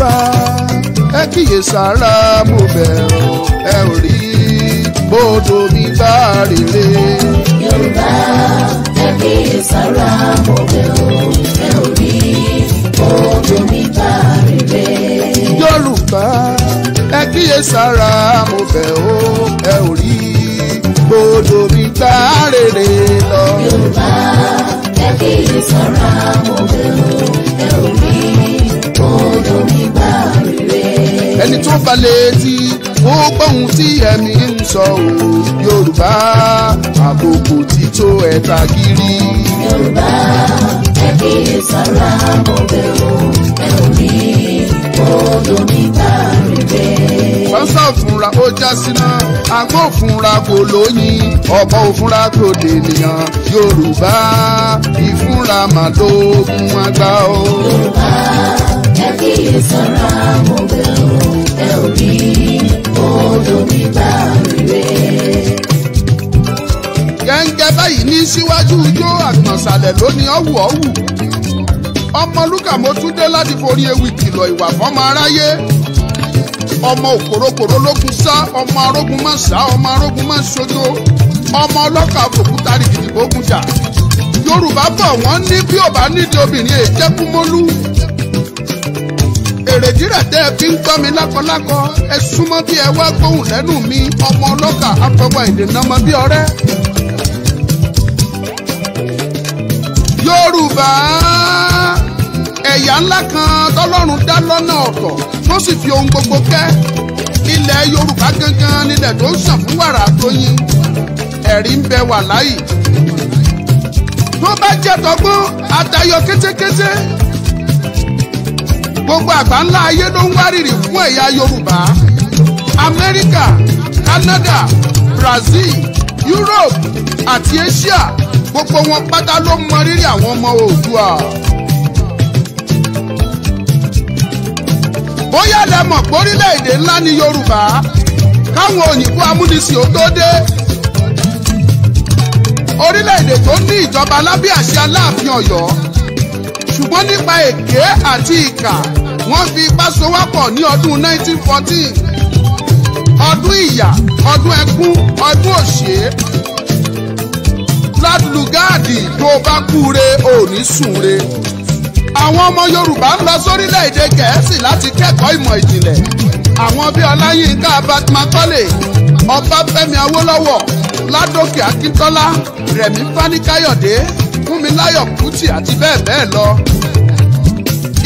bá ẹ kíyè sára mo bẹ̀rù ẹ ò rí bódò mi bá rèé. Yorùbá ẹ kíyè sára mo bẹ̀rù ẹ ò rí bódò mi bá rèé. Yorùbá ẹ kíyè sára mo bẹ̀ ẹ ò rí bódò mi bá rèé lọ. Yorùbá ẹ kíyè sára mo bẹ̀ ẹ ò rí onígbà rere. ẹni tó balẹ̀ tí ó gbóhùn tí ẹ̀mí ń sọ òun yorùbá àkókò tí tó ẹ̀ta kiri. yorùbá ẹbí sára ọbẹ̀ o ẹ ò ní odò nígbà rere sọ́sọ́ fúnra ó já síná agbó fúnra kò lóyin ọ̀bọ òfúnra kò dènìyàn yorùbá ìfúnra màdógún àgbà o. yorùbá ẹ kí ìsanra mo bẹ̀ ọ́ ẹ ò bí odò gbígbà rere. gẹ́ngẹ́ báyìí ní síwájú ijó àgbọ̀nsalẹ̀ lónìí ọ̀wù ọ̀wù ọmọlúkà mo tún dé láti forí ewì kìlọ̀ ìwà fọ́mọ aráyé ọmọ òkòrókòró lógun sá ọmọ arógun má sá ọmọ arógun má sojo ọmọ ọlọ́kà òkúta rìgìdì gbógun jà yorùbá bọ̀ wọ́n ní bí ò nídìí obìnrin èjẹ́kúmólú fèrè dírẹ̀ tẹ́ ẹ fi ń kọ́ mi lákọlákọ ẹ súnmọ́ bí ẹ wá gbóhùn lẹ́nu mi ọmọ ọlọ́kà àfọwọ́ ìdènà ọmọ bí ọ̀rẹ́. Yorùbá ẹ̀yà ńlá kan tọ́lọ́run dá lọ́nà ọ̀tọ̀ tó sì fi ohun gbogbo kẹ́ ilẹ̀ Yorùbá gangan nílẹ̀ tó ń sàn fún wàrà àtọyìn ẹ̀rí ń bẹ wà láyì tó bá jẹ́ tọgbọ́n àtayọ kétékété gbogbo àgbáńlá ayé ló ń wárìrì fún ẹ̀yà yorùbá amẹ́ríkà canada brazil europe àti asia gbogbo wọn pátá ló ń mọrírì àwọn ọmọ oòdùà. bóyá lẹ mọ̀ pé orílẹ̀-èdè ńlá ni yorùbá káwọn òyìnbó amúnisìn ó tó dé orílẹ̀-èdè tó ní ìjọba lábẹ́ àṣẹ aláàfin ọ̀yọ́ ṣùgbọ́n nípa èké àti ìkà wọ́n fi ipá sowọ́pọ̀ ní ọdún 1914 ọdún ìyà ọdún ẹkún ọdún òṣè ládùlùgáàdì tó bá kúre ò ní súre àwọn ọmọ Yorùbá ń lọ sórílẹ̀-èdè Gẹ̀ẹ́sì láti kẹ́kọ̀ọ́ ìmọ̀ ìjìnlẹ̀ àwọn bíi Ọláyínká Abatmakọ́lé Ọbáfẹ́mi Awólọ́wọ̀ Ládòkè Akíntọ́lá Rẹ̀mí Fáníkáyọ̀dé Fúnmiláyọ̀ Kútì àti bẹ́ẹ̀ bẹ́ẹ̀ lọ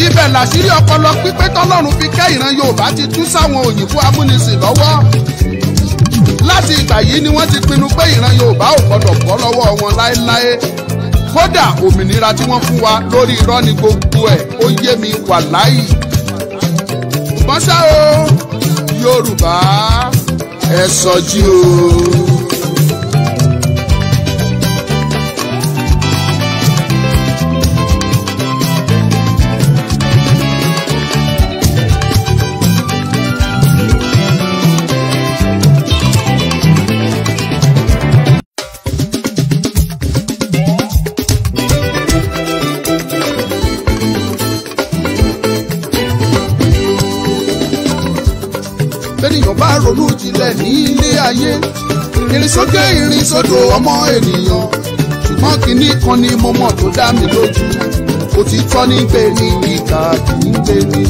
ibẹ̀ làṣírí ọpọlọ pípé tọ́lọ́run fi kẹ́ ìran Yorùbá ti tú sáwọn òyìnbó amúnisìn lọ́wọ́ láti ìgbà yìí ni wọ́n ti pinnu pé ìran Yorùbá ò gbọ́dọ̀ bọ́ lọ́wọ́ wọn láéláé kódà òmìnira tí wọ́n fún wa lórí irọ́ ni gbogbo ẹ̀ ó yé mi wàláì ṣùgbọ́n ṣá o Yorùbá ẹ sọjí o. rẹ̀ ní ilé ayé ìrìnsókè ìrìnsódò ọmọ ènìyàn ṣùgbọ́n kinní kan ni mo mọ̀ tó dá mi lójú òtítọ́ ní gbé ní ìkà kì í gbé ní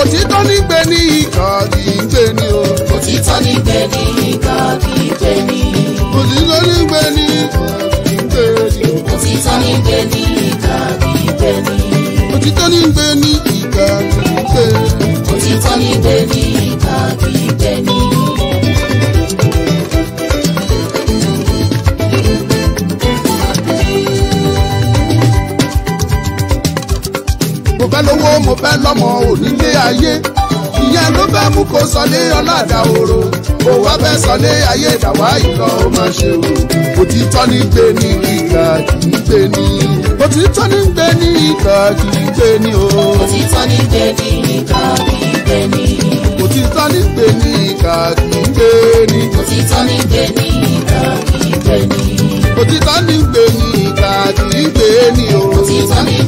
òtítọ́ ní gbé ní ìkà kì í gbé ní o. òtítọ́ ní gbé ní ìkà kì í gbé ní. òtítọ́ ní gbé ní ìkà kì í gbé ní. òtítọ́ ní gbé ní ìkà kì í gbé ní. òtítọ́ ní gbé ní ìkà kì í gbé ní. òtítọ́ ní gbé ní ìkà kì í gbé ní. fẹ́ lówó mo fẹ́ lọ́mọ onílé ayé ìyẹn ló fẹ́ mú kó sọlé ọ̀làdà òru kò wá fẹ́ sọlé ayé ìdàwá ìlọ ó ṣe o òtítọ́ ní gbé ní ìgbà kìí gbé ní òtítọ́ ní gbé ní ìgbà kìí gbé ní o. òtítọ́ ní gbé ní ìgbà kìí gbé ní. òtítọ́ ní gbé ní ìgbà kìí gbé ní. òtítọ́ ní gbé ní ìgbà kìí gbé ní. òtítọ́ ní gbé ní ìgbà kìí gbé ní o. òtítọ́ ní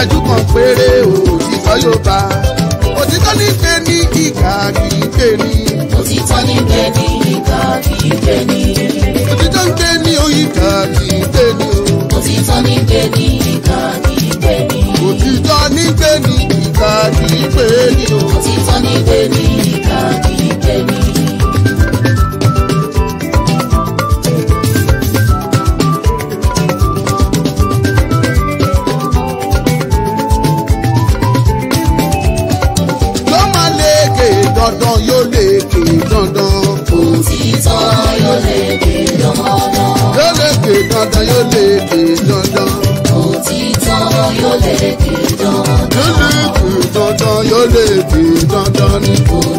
ìṣẹ́jú kan péré òtítọ́ yóò bá òtítọ́ ní pé ní ìkà kì í pè ní. òtítọ́ ní pé ní ìkà kì í pè ní. òtítọ́ ní pé ní ìkà kì í ní. òtítọ́ ní pé ní ìkà kì í ní. òtítọ́ ní pé ní ìkà kì í ní. òtítọ́ ní pé ní. lè di dandan ni.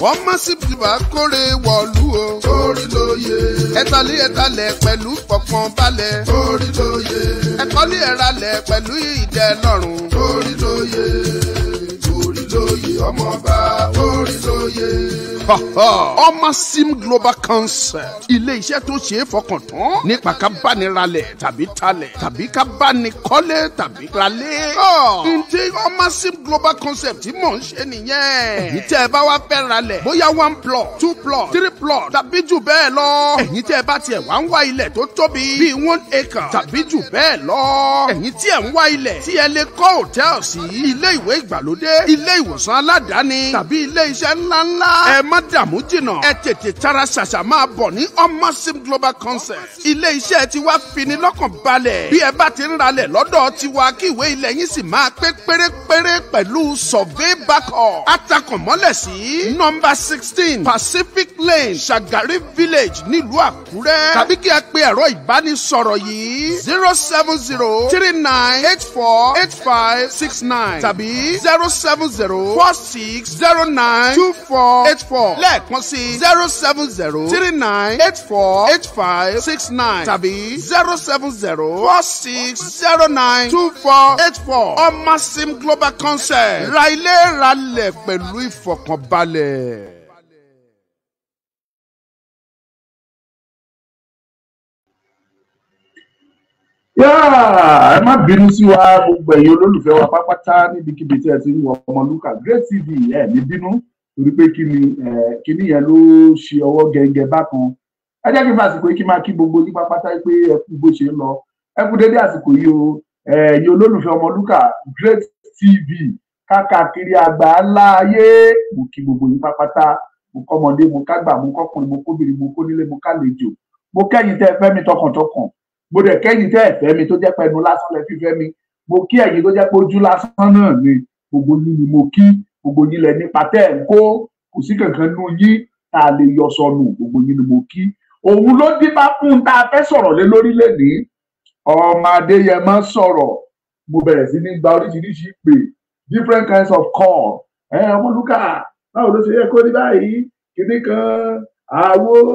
wọ́n mọ̀ sí bùbá kórè wọ̀lú o. orí ló yẹ. ẹ̀tàlí ẹ̀tàlẹ̀ pẹ̀lú pọ̀pọ̀n balẹ̀. orí ló yẹ. ẹ̀kọ́lé ẹ̀ralẹ̀ pẹ̀lú ìdẹ́lọ́rùn. orí ló yẹ joyè ọmọọba orí joyè. ọmọ sim global concept ilé iṣẹ́ tó ṣe é fọkàn tán nípa ká bá ní ralẹ̀ tàbí talẹ̀ tàbí ká bá ní kọ́lé tàbí ralé. ǹjẹ́ ọmọ sim global concept tí mò ń ṣe nìyẹn. ẹ̀yin tẹ́ ẹ bá wá fẹ́ ralẹ̀ bóyá one plot two plot three plot tàbí jù bẹ́ẹ̀ lọ. ẹ̀yin tẹ́ ẹ bá tiẹ̀ wá ń wá ilẹ̀ tó tóbi bíi one acre tàbí jù bẹ́ẹ̀ lọ. ẹ̀yin tí ẹ̀ ń wá ilẹ̀ tí ẹ lè kọ́ hòtẹ́ẹ̀lì ilé ìwé ìgbàlódé ilé ìwòsàn aládàáni tàbí ilé iṣẹ́ ńláńlá. ẹ má dààmú jìnà ẹ tètè tara ṣàṣà máa bọ̀ ní omosim global concept. ilé iṣẹ́ tiwa fini lọ́kàn balẹ̀. bí ẹ bá ti ń ralẹ̀ lọ́dọ̀ tiwa kí ìwé ilẹ̀ yín sì máa pé pérépéré pẹ̀lú survey backup. atakànmọ́lẹ̀ sí nọ́mbà sixteen pacific lane shagari village nílùú àkúrẹ́. tàbí kí ẹ pe ẹ̀rọ ìbánisọ̀rọ̀ yìí zero seven zero three nine eight four eight five six nine tàbí zero seven zero zero four six zero nine two four eight four lẹ́ẹ̀kan sí zero seven zero three nine eight four eight five six nine tàbí zero seven zero four six zero nine two four eight four ọmọ sim global concept ra ilé ra lẹ̀ pẹ̀lú ìfọ̀kànbalẹ̀. ẹ má bínú sí wa gbogbo ẹ̀yin olólùfẹ́ wa pápátá níbikíbi tí ẹ ti ń wọ Ọmọlúkà Gray TV ẹ̀ ní bínú torí pé kí ni kí ni yẹn ló ṣe ọwọ́ gẹ́gẹ́ bákan ẹ jẹ́ kí n fàsìkò yìí kí n máa kí gbogbo yín pápátá pé ẹ kú bó ṣe ń lọ ẹ kú dédé àsìkò yìí o ẹ̀yin olólùfẹ́ Ọmọlúkà Gray TV káàkiri àgbà ńlá ayé mo kí gbogbo yín pápátá mo kọ́mọdé mo kágbà mo kọ́kùnrin mo kóbìnrin mo kónílé mo kálejò mo kẹ́yìn tẹ́ fẹ́ tọkàntọkàn mo dẹ̀ kẹ́yìn tẹ́ ẹ̀ fẹ́ mi tó jẹ́ pẹ̀lú lásán lẹ fífẹ́ mi mo kí ẹ̀yin tó jẹ́ pé ojú lásán náà ni gbogbo yín ni mo kí gbogbo yín lẹ nípa tẹ́ ẹ̀ ń kó kò sí kankan nú yín tá a lè yọ sọnù gbogbo yín ni mo kí òun ló dín bá fún un tá a fẹ́ sọ̀rọ̀ lé lórí lénìí ọmọ adéyẹmọ sọ̀rọ̀ mo bẹ̀rẹ̀ sí ní gba oríṣiríṣi ìpè different kinds of call ẹ ọmọlúkà báwo ló ṣe yẹ kó ní báyìí kìnnìkan àwo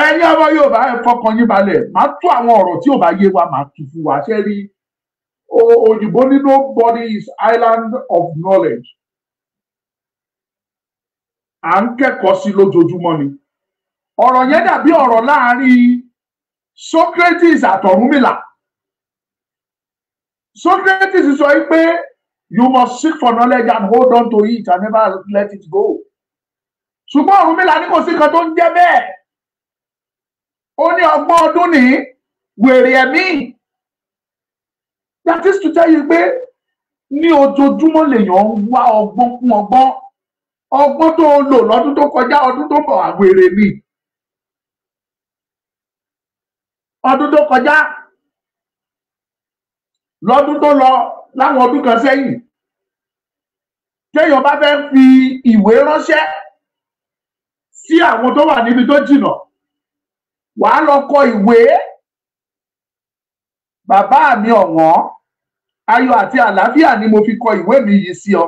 ẹ̀yin ọmọ yorùbá ẹ fọkàn yín balẹ̀ màá tú àwọn ọ̀rọ̀ tí yóò bá yé wa màá tú fún wa ṣe rí òyìnbó ní nobody is island of knowledge à ń kẹ́kọ̀ọ́ sí lójoojúmọ́ ni ọ̀rọ̀ yẹn dàbí ọ̀rọ̀ láàrin Socrates àtọ̀rúnmìlà Socrates sọ pé you must seek for knowledge and hold on to it and never let it go ṣùgbọ́n Ọ̀rúnmìlà ni kò sí kan tó ń jẹ́ bẹ́ẹ̀ ó ní ọgbọ́n ọdún ní wèrè ẹ̀mí that is to tell you pé ní ojoojúmọ́ lèèyàn ń wá ọgbọ́n fún ọgbọ́n ọgbọ́n tó lò lọ́dún tó kọjá ọdún tó bọ̀ àwèrè ni ọdún tó kọjá lọ́dún tó lọ láwọn ọdún kan sẹ́yìn téèyàn bá fẹ́ fi ìwé ránṣẹ́ sí àwọn tó wà níbi tó jìnnà wàá lọ kọ ìwé bàbá mi ọ̀wọ́n ayọ̀ àti àlàáfíà ni mo fi kọ ìwé mi yìí sí ọ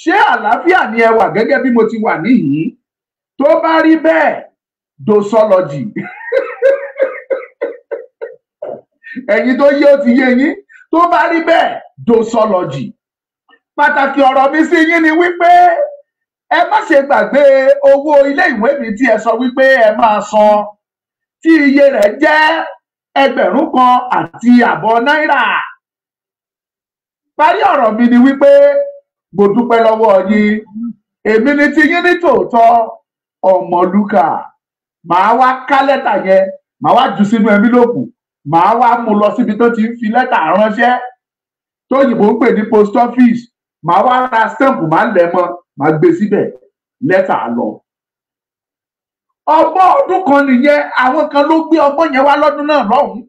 ṣé àlàáfíà ni ẹ wà gẹ́gẹ́ bí mo ti wà níhìn-ín tó bá rí bẹ́ẹ̀ dosọlọjì ẹ̀yin tó yé ó ti yé yín tó bá rí bẹ́ẹ̀ dosọlọjì pàtàkì ọ̀rọ̀ mi sí yín ni wípé ẹ má ṣe gbàgbé owó ilé ìwé mi tí ẹ sọ wípé ẹ máa san tí iye rẹ̀ jẹ́ ẹgbẹ̀rún kan àti àbọ̀ náírà. parí ọ̀rọ̀ mi ni wípé mo dúpẹ́ lọ́wọ́ yín èmi ni ti yín ní tòótọ́ ọmọlúkà màá wá ká lẹ́tà yẹn màá wá jù sínú ẹ̀mílòpù màá wá mú lọ síbi tó ti ń fi lẹ́tà ránṣẹ́ tóyìnbó ń pè ní post office màá wá ra stamp màá lẹ̀ mọ́ màá gbé síbẹ̀ lẹ́tà lọ ọgbọ́n ọdún kan nìyẹn àwọn kan ló gbé ọgbọ́n yẹn wá lọ́dún náà lọ́hùn-ún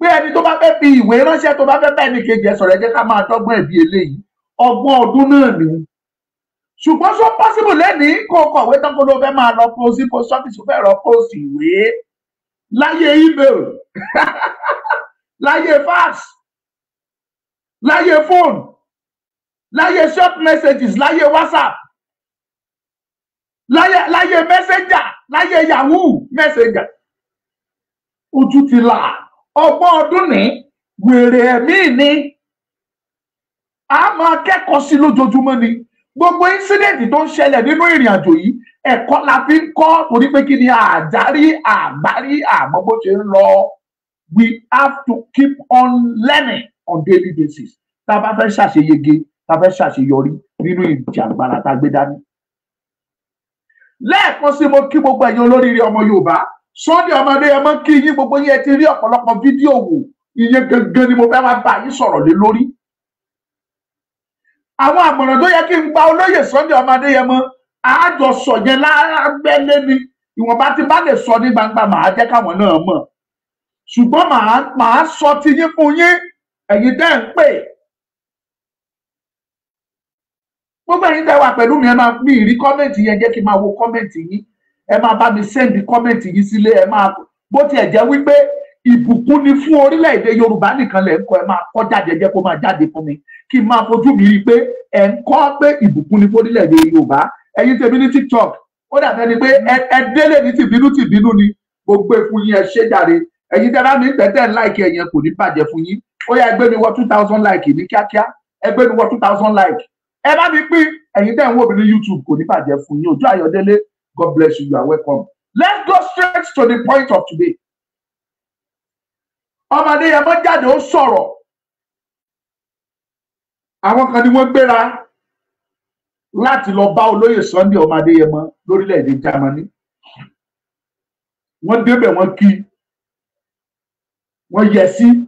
pé ẹni tó bá fẹ́ fi ìwé ránṣẹ́ tó bá fẹ́ bá ẹnì kejì ẹ̀ sọ̀rọ̀ ẹ jẹ́ ká máa dọ́gbọ́n ẹ̀bí eléyìí ọgbọ́n ọdún náà ni ṣùgbọ́n so possible lẹ́nìí kó kọ̀wé tán kó ló fẹ́ máa lọ post post office fẹ́ rọ post ìwé láyé email láyé fax láyé phone láyé short messages láyé whatsapp láyé láyé mẹsẹjà láyé yahoo mẹsẹjà ojú ti là ọgbọ́n ọdún ní wèrè ẹ̀mí ni a máa kẹ́kọ̀ọ́ sí lójoojúmọ́ ni gbogbo ínsídẹ̀ǹtì tó ń ṣẹlẹ̀ nínú ìrìn àjò yìí ẹ̀kọ́ la fi ń kọ́ torí pé kí ni àjárí àgbárí àmọ́ bó ṣe ń lọ we have to keep on learning on daily basis tá a bá fẹ́ ṣàṣeyege tá a fẹ́ ṣàṣeyọrí nínú ìjàngbara tá a gbé dání lẹ́ẹ̀kan sí mo kí gbogbo ẹ̀yin olóríire ọmọ yorùbá sunday ọmọdé ẹ mọ kí yín gbogbo yín ẹ ti rí ọ̀pọ̀lọpọ̀ fídíò wò ìyẹn gangan ni mo fẹ́ máa bá yín sọ̀rọ̀ lé lórí. àwọn àmọ̀ràn tó yẹ kí n gba olóyè sunday ọmọdé yẹn mọ àájọ sọ yẹn lábẹ́lé ni ìwọ̀nba ti bá lè sọ ní gbangba màá jẹ́ káwọn náà mọ̀ ṣùgbọ́n màá sọ ti yín fún yín ẹ̀yin dẹ́ ń pè gbogbo ẹ̀yin tẹ́ wà pẹ̀lú mi ẹ máa mi rí kọ́mẹ̀ntì yẹn jẹ́ kí n máa wo kọ́mẹ̀ntì yín ẹ máa bá mi sẹ́ndì kọ́mẹ̀ntì yín sílé ẹ máa bó tiẹ̀ jẹ́ wípé ìbùkún ni fún orílẹ̀-èdè yorùbá nìkan lẹ̀ ń kọ́ ẹ máa kọ́ jáde jẹ́ kó máa jáde fún mi kí n máa fojú mi rí pé ẹ̀ ń kọ́ pé ìbùkún ni fún orílẹ̀ yorùbá ẹ̀yin tèmi ní tiktok ó dàbẹ́ ni pé ẹ délé ní tìbínú tìbínú ni gbogbo ìfun e yín ṣe jàre ẹ̀yin tẹ́ bá mi tẹ́tẹ́ láìkì ẹ̀yẹn kò ní bàjẹ́ fún yín ó yá gbé mi wọ two thousand like ní kíákíá ẹ gbé mi wọ two thousand like ẹ bá mi pín ẹ̀yin tẹ́ ń wò mí ní YouTube kò ní bàjẹ́ fún yín ojú Ayọ̀délé God bless you you are welcome let's go straight to the point of today ọmọdé yẹn mọ jáde ó sọ̀rọ̀ àwọn kan ni wọ́n gbéra láti lọ bá olóyè Sunday ọmọ Adéyẹmọ lórílẹ̀-èdè Germany wọ́n débẹ̀ wọ́n kí wọ́n yẹ sí. Si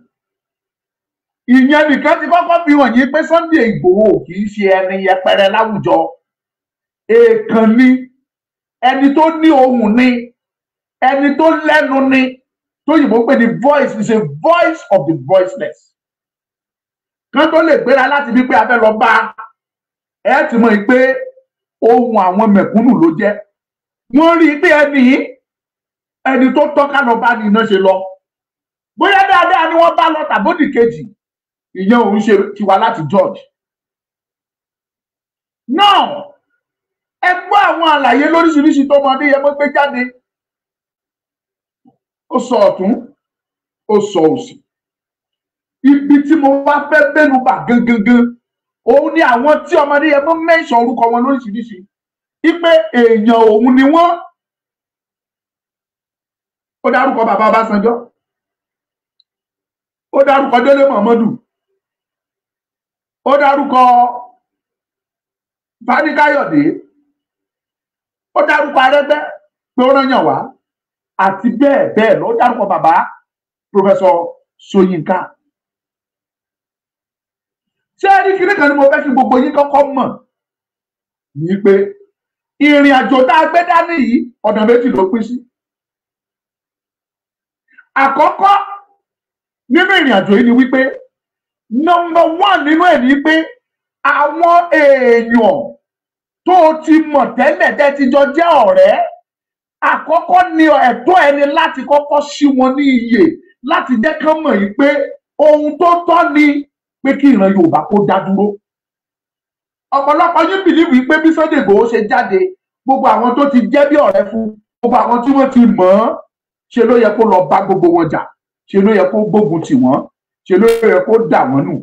ìyẹn nìkan ti kọ́kọ́ fi hàn yín pé Sunday Ìgbòho kì í ṣe ẹni yẹpẹrẹ láwùjọ èèkàn ni ẹni tó ní ohùn ni ẹni tó lẹ́nu ni tóyìnbó pé the voice is a voice of the voiceless kán tó lè gbéra láti bí pé a fẹ́ lọ bá ẹ ti mọ̀ pé ohùn àwọn mẹ̀kúnnù ló jẹ́ wọ́n rí i pé ẹni ẹni tó tọ́ka lọ bá ní iná ṣe lọ bóyá dáadáa ni wọ́n bá lọ tàbódì kejì ìyẹn òun ṣe tiwa láti george náà ẹ gbọ́ àwọn àlàyé lóríṣiríṣi tó mọ adéyẹmọ gbé jáde ó sọ ọ̀tún ó sọ òsì ibi tí mo wá fẹ́ bẹ́nu bà gangan òun ni àwọn tí ọmọ adéyẹmọ mẹ́sàn orúkọ wọn lóríṣiríṣi ipe èèyàn òun ni wọ́n ó dárúkọ bàbá Ọbásanjọ́ ó dárúkọ Délé Mọ̀mọ́dù ó dárúkọ fáníkáyọ̀dé ó dárúkọ arẹ́gbẹ́ pé ó rányàn wá àti bẹ́ẹ̀ bẹ́ẹ̀ lọ ó dárúkọ bàbá pòfẹ́sọ̀ Ṣóyínká ṣé ẹni kiri kan ni mo fẹ́ kí gbogbo yín kọ́kọ́ mọ̀ ní pé ìrìn àjò tá a gbé dání yìí ọ̀nà méjì ló pín sí àkọ́kọ́ nínú ìrìn àjò yìí ni wípé nọmba one nínú ẹ̀ ní pé àwọn èèyàn tó o ti mọ̀ tẹ́lẹ̀ tẹ́ ti jọ jẹ́ ọ̀rẹ́ àkọ́kọ́ ni ẹ̀tọ́ ẹni láti kọ́kọ́ sí wọn ní iyè láti jẹ́ kán mọ̀ yìí pé ohun tó tọ́ ni pé kí ìran Yorùbá kó dá dúró ọ̀pọ̀lọpọ̀ yín bìlíìfù yìí pé bí Sunday Igboho ṣe jáde gbogbo àwọn tó ti jẹ́ bí ọ̀rẹ́ fún gbogbo àwọn tí wọ́n ti mọ̀ ṣe ló yẹ kó lọ bá gbogbo wọn jà ṣe ló yẹ kó gbógun tì wọ́n ṣe ló yẹ kó dà wọ́n nù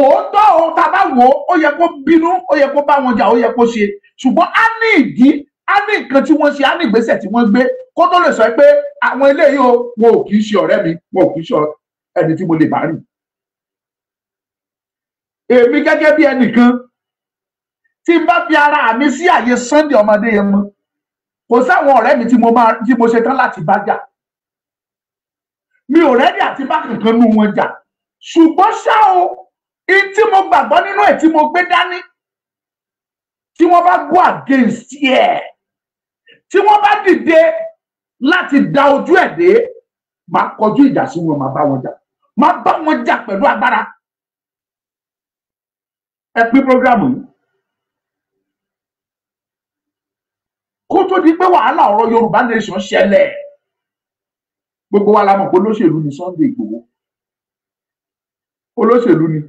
òótọ́ o tá a bá wò ó ó yẹ kó bínú ó yẹ kó bá wọn jà ó yẹ kó ṣe ṣùgbọ́n á ní ìdí á ní nǹkan tí wọ́n ṣe á ní ìgbésẹ̀ tí wọ́n gbé kó tó lè sọ pé àwọn eléyìí o wọn ò kì í ṣe ọ̀rẹ́ mi wọn ò kì í ṣe ẹni tí mo lè bá rìn èmi gẹ́gẹ́ bí ẹnìkan tí n bá fi ara mi sí àyè Sunday ọmọdé yẹn mọ́ kò sáwọn ọ̀rẹ́ mi tí mo ṣe láti bá jà mi ò rẹ́dí àti bá nu wọn jà ṣùgbọ́n ṣá o tí mo gbàgbọ́ nínú ẹ̀ tí mo gbé dání tí wọ́n bá go against ẹ̀ tí wọ́n bá dìde láti da ojú ẹ̀ dé máa kọjú ìjà sí wọn máa bá wọn jà máa bá wọn jà pẹ̀lú agbára ẹ pín programu yìí kó tó di pé wàhálà ọ̀rọ̀ Yorùbá nation ṣẹlẹ̀ gbogbo wa la mọ̀ pé olóṣèlú ni Sunday Ìgbòho olóṣèlú ni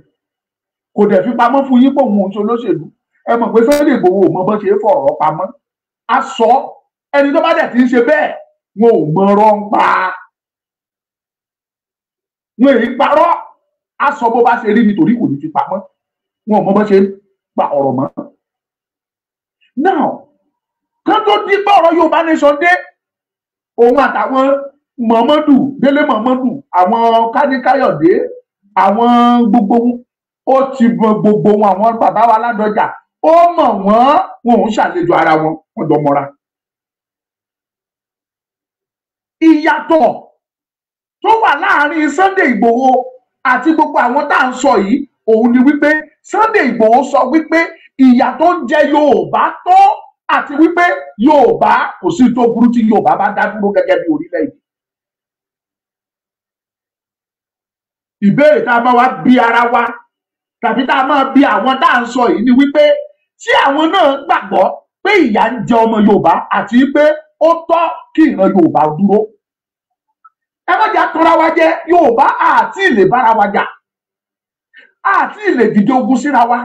kò dẹ̀ fi pamọ́ fún yín pé òun ṣe olóṣèlú ẹ mọ̀ pé Sunday Ìgbòho ò mọ bó ṣe é fọ̀rọ̀ pamọ́ a sọ ẹni tó bá dẹ̀ ti ń ṣe bẹ́ẹ̀ wọn ò mọ ọ̀rọ̀ ń pa wọn èyí parọ́ a sọ bó bá ṣe rí nítorí kò ní fi pamọ́ wọn ò mọ bó ṣe pa ọ̀rọ̀ mọ́ now kán tó dín pé ọ̀rọ̀ Yorùbá nation dé òun àtàwọn mọ̀mọ́dù délé mọ̀mọ́dù àwọn kádíkáyọ̀dé àwọn gbogbo ó ti mọ gbogbo wọn àwọn bàbá wa ládọjà ó mọ̀ wọ́n wọn ò ń ṣàlejò ara wọn wọ́n jọ mọ́ra. ìyàtọ̀ tó wà láàrin Sunday Ìgbòho àti gbogbo àwọn tá à ń sọ yìí òun ni wípé Sunday Ìgbòho sọ wípé ìyà tó ń jẹ Yorùbá tó àti wípé Yorùbá kò sí tó burú tí Yorùbá bá dá dúró gẹ́gẹ́ bí orílẹ̀-èdè ìbéèrè tá a bá wá bí ara wa tàbí tá a máa bí àwọn tá à ń sọ yìí ni wípé tí àwọn náà gbàgbọ́ pé ìyà ń jẹ ọmọ Yorùbá àti pé ó tọ́ kí ìran Yorùbá dúró ẹ má jà tanra wa jẹ Yorùbá àti ilé bára wa jà àti ilé dìde ogun síra wa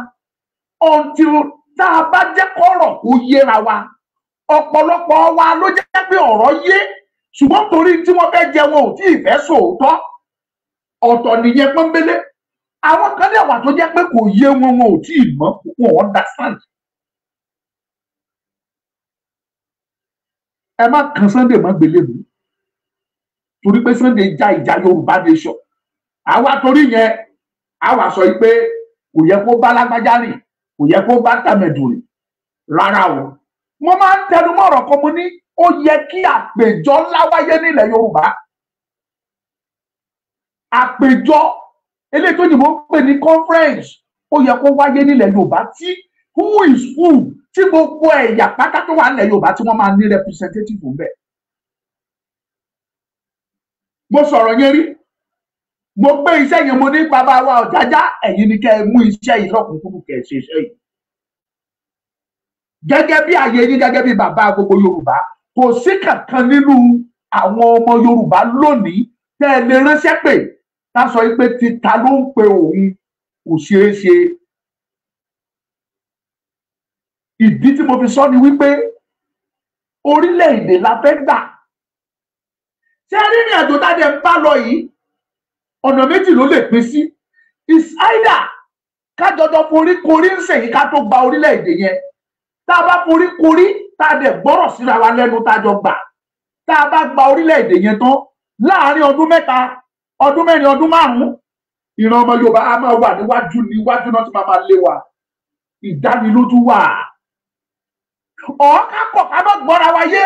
until tá a bá jẹ́ kọ́rọ̀ kó yéra wa ọ̀pọ̀lọpọ̀ wa ló jẹ́ pé ọ̀rọ̀ yé ṣùgbọ́n torí tí wọ́n fẹ́ jẹ wọn ò tí ì fẹ́ sòótọ́ ọ̀tọ̀ nìyẹn pọ́nbélé àwọn kan dẹ̀ wà tó jẹ́ pé kò yé wọn wọn ò tí ì mọ̀ wọn ò understand. ẹ má kan Sunday má gbélé mi torí pé Sunday já ìjà Yorùbá nation àwa torí yẹn àwa sọ yìí pé kò yẹ kó bá lágbájá rìn kò yẹ kó bá tàmẹ̀dù rìn rárá o mo máa ń tẹnu mọ́ ọ̀rọ̀ kan mo ní ó yẹ kí àpèjọ ńlá wáyé nílẹ̀ Yorùbá àpéjọ eléyìí tó yìnbó ń pè ní conference ó yẹ kó wáyé nílẹ̀ Yorùbá tí who is who tí gbogbo ẹ̀yà pátá tó wà nílẹ̀ Yorùbá tí wọ́n máa ní representative ń bẹ̀. mo sọ̀rọ̀ yẹn rí mo gbé iṣẹ́ yẹn mo ní bàbá wa ọ̀jájá ẹ̀yin ni kẹ́ ẹ mú iṣẹ́ yìí lọ́kùnkúndùn kẹ́ ẹ ṣe iṣẹ́ yìí gẹ́gẹ́ bí ààyè yín gẹ́gẹ́ bí bàbá gbogbo Yorùbá kò sí kankan nínú àwọn ọmọ Yorùbá lónìí tẹ́ ẹ lè ránṣẹ́ pè ká sọ pé títa ló ń pe òun kò ṣeé ṣe ìdí tí mo fi sọ ni wípé orílẹ̀-èdè la fẹ́ gbà ṣé rírìn àjò dáadé ń bá lọ yìí ọ̀nà méjì ló lè pín sí is either ká jọjọ forí korí ń sèyí ká tó gba orílẹ̀-èdè yẹn tá a bá forí korí tá a dẹ̀ gbọ́rọ̀ síra wa lẹ́nu tá a jọ gbà tá a bá gba orílẹ̀-èdè yẹn tán láàárín ọdún mẹ́ta ọdún mẹ́rin ọdún márùn-ún ìran ọmọ Yorùbá a máa wà níwájú níwájú náà tí máa máa lé wa ìdánilójú wà ọ̀ọ́ká kọ̀ ká má gbọ́ra wa yé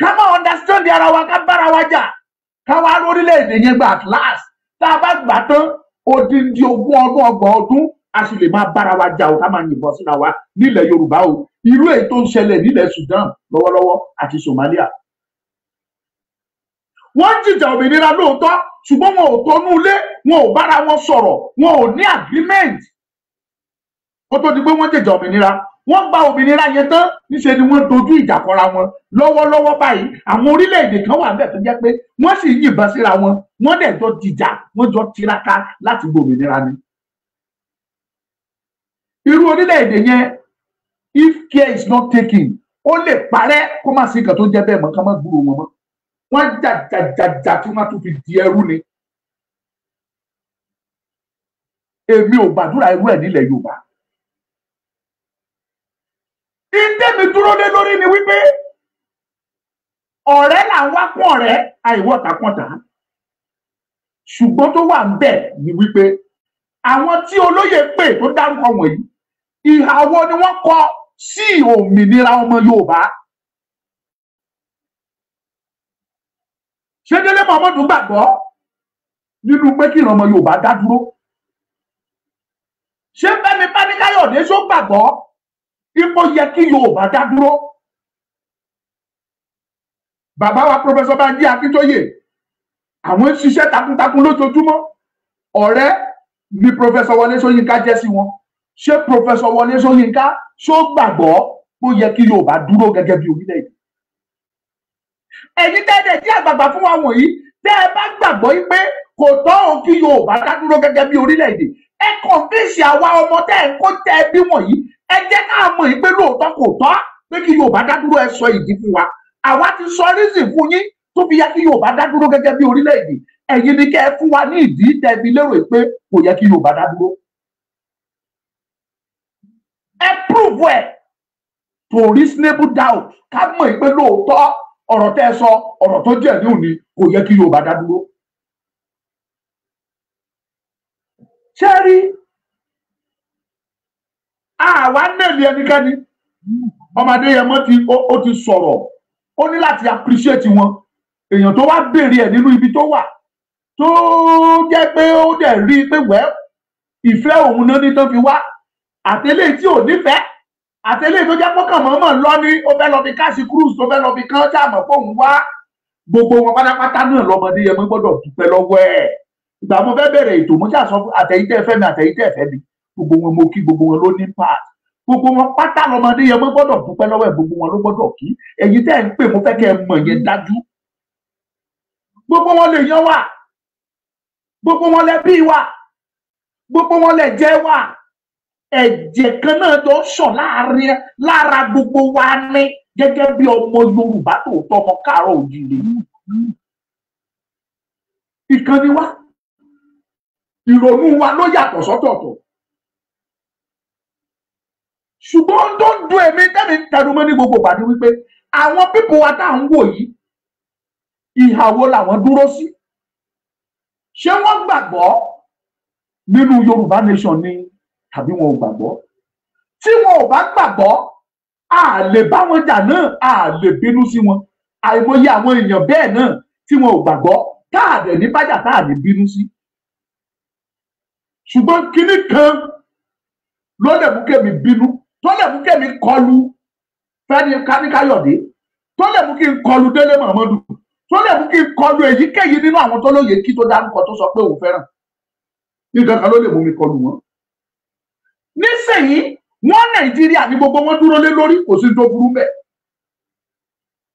ká má understand ara wa ká bára wa jà ká wá lórílẹ̀‐èdè yẹn gbà at last tá a bá gbà tán odindi ogún ọdún ọgbọ̀n ọdún a sì lè máa bára wa jà o ká máa yìnbọn síra wa nílẹ̀ Yorùbá o irú èyí tó ń ṣẹlẹ̀ nílẹ̀ Sudan lọ́wọ́lọ́wọ́ àti Somalia wọ́n jìjà òmìnira lóòótọ́ ṣùgbọ́n wọn ò tónú ilé wọn ò bára wọn sọ̀rọ̀ wọn ò ní agreement kó tó di pé wọ́n jìjà òmìnira wọ́n gba òmìnira yẹn tán níṣe ni wọ́n dojú ìjà kọra wọn lọ́wọ́lọ́wọ́ báyìí àwọn orílẹ̀-èdè kan wà bẹ́ẹ̀ tó jẹ́ pé wọ́n sì yìnbọn síra wọn wọ́n dẹ̀ jọ jìjà wọ́n jọ tiraka láti gbòmìnira ni. irú orílẹ̀-èdè yẹn if care is not taken ó lè parẹ́ kó má sí nǹkan tó jẹ́ bẹ́ẹ̀ mọ́ ká má gbúrò wọn mọ́ wọ́n jàjàjàjà tí wọ́n tún fi di ẹrú ni èmi ò gbàdúrà irú ẹ̀ nílẹ̀ Yorùbá ìdẹ́mi dúró lé lórí ni wípé ọ̀rẹ́ là ń wá pọ̀ ọ̀rẹ́ àìwọ́tàkọ̀tà ṣùgbọ́n tó wà ń bẹ̀ ni wípé àwọn tí olóyè pè tó dárúkọ wọ̀nyí ìhà wo ni wọ́n kọ sí òmìnira ọmọ Yorùbá ṣé délé mọ̀mọ́dún gbàgbọ́ nínú pé kí ìran ọmọ yorùbá dá dúró ṣé fẹ́mi fáníkáyọ̀dé ṣó gbàgbọ́ ipò yẹ kí yorùbá dá dúró bàbá wa pọfẹsọ Bánjí Akíntóyè àwọn ń ṣiṣẹ́ takuntakun lójoojúmọ́ ọ̀rẹ́ ni pọfẹsọ Wọlé Ṣóyínká jẹ́ sí wọn ṣé pọfẹsọ Wọlé Ṣóyínká ṣó gbàgbọ́ bó yẹ kí yorùbá dúró gẹ́gẹ́ bí orílẹ̀-èdè ẹ̀yin tẹ́lẹ̀ tí àgbààgbà fún wa wọ̀nyí tẹ́ ẹ bá gbàgbọ́ yí pé kò tọ́ òun kí Yorùbá dá dúró gẹ́gẹ́ bí orílẹ̀-èdè ẹ kọ̀ǹfíìsì àwa ọmọ tẹ́ ẹ kó tẹ́ ẹ bí wọ̀nyí ẹ jẹ́ ká mọ̀ yí pé lóòótọ́ kò tọ́ pé kí Yorùbá dá dúró ẹ sọ ìdí fún wa àwa ti sọ rízì fún yín tó fi yẹ kí Yorùbá dá dúró gẹ́gẹ́ bí orílẹ̀-èdè ẹ̀yin ni kẹ́ ẹ fún wa ní ìdí tẹ̀bi lérò pé kò yẹ kí Yorùbá dá ẹ prove ẹ to reasonable doubt ká mọ̀ yí pé lóòótọ́ ọ̀rọ̀ tẹ́ ẹ sọ ọ̀rọ̀ tó jẹ́ ní òní kò yẹ kí Yorùbá dá dúró. ṣé rí àwa nílì ẹnikẹ́ni ọmọdé yẹn mọ́ ti ó ti sọ̀rọ̀ ó ní láti appreciate wọn èèyàn tó wá béèrè ẹ̀ nínú ibi tó wà tó jẹ́ pé ó dẹ̀ rí i pé wẹ́ẹ́ ìfẹ́ òun náà ní tán fi wá àtẹlẹ́yìn tí ò nífẹ̀ẹ́ àtẹlẹ tó jẹ́ pọkàn mọọmọ lọni ó fẹ́ lọ fi káàsì cruise tó fẹ́ lọ fi kán sáàmọ fóun wá gbogbo wọn pátápátá náà lọmọdé yẹn mo gbọ́dọ̀ dúpẹ́ lọ́wọ́ ẹ ìgbà mo fẹ́ bẹ̀rẹ̀ ètò mo ṣàṣọ àtẹyìntẹ fẹ́ mi àtẹyìntẹ fẹ́ mi gbogbo wọn mo kí gbogbo wọn ló ní part gbogbo wọn pátá lọmọdé yẹn mo gbọ́dọ̀ dúpẹ́ lọ́wọ́ ẹ gbogbo wọn ló gbọ́dọ̀ kí èyí tẹ ẹ ń pè mo fẹ́ kẹ́ ẹ mọ̀ yẹn dájú gbogbo wọn lè yan wà gbogbo wọn lẹ wà gbogbo wọn lẹ wà ẹ̀jẹ̀ kan náà jọ sàn láàrin lára gbogbo wa ní gẹ́gẹ́ bí ọmọ Yorùbá tòótọ́ ọmọ káàárọ̀ òjìlè ìkànnì wa ìrònú wa ló yàtọ̀ sọ́tọ̀ọ̀tọ̀ ṣùgbọ́n ohun tó ń dùn èmi tẹ́mi tẹnumọ́ ní gbogbo ìgbà ni wípé àwọn pípò wa tá à ń wò yìí ìhàwó làwọn dúró sí ṣé wọ́n gbàgbọ́ nínú Yorùbá nation ni tàbí wọn ò gbàgbọ́ tí wọn ò bá gbàgbọ́ a lè bá wọn jà náà a lè bínú sí wọn àìmọye àwọn èèyàn bẹ́ẹ̀ náà tí wọn ò gbàgbọ́ tá a dẹ̀ ní bájà tá a lè bínú sí ṣùgbọ́n kinní kan ló lè mú kẹ́mi bínú tó lè mú kẹ́mi kọlu fẹ́ni káníkáyọ̀dé tó lè mú kí n kọlu délé mọ̀mọ́dù tó lè mú kí n kọlu èyíkéyìí nínú àwọn tó lóye kí tó dárúkọ tó sọ pé òun fẹ́ràn nǹkan kan ló lè mú mi kọlu wọn nísìnyí wọn nàìjíríà ní gbogbo wọn dúró lé lórí kò sí tó burú bẹ́ẹ̀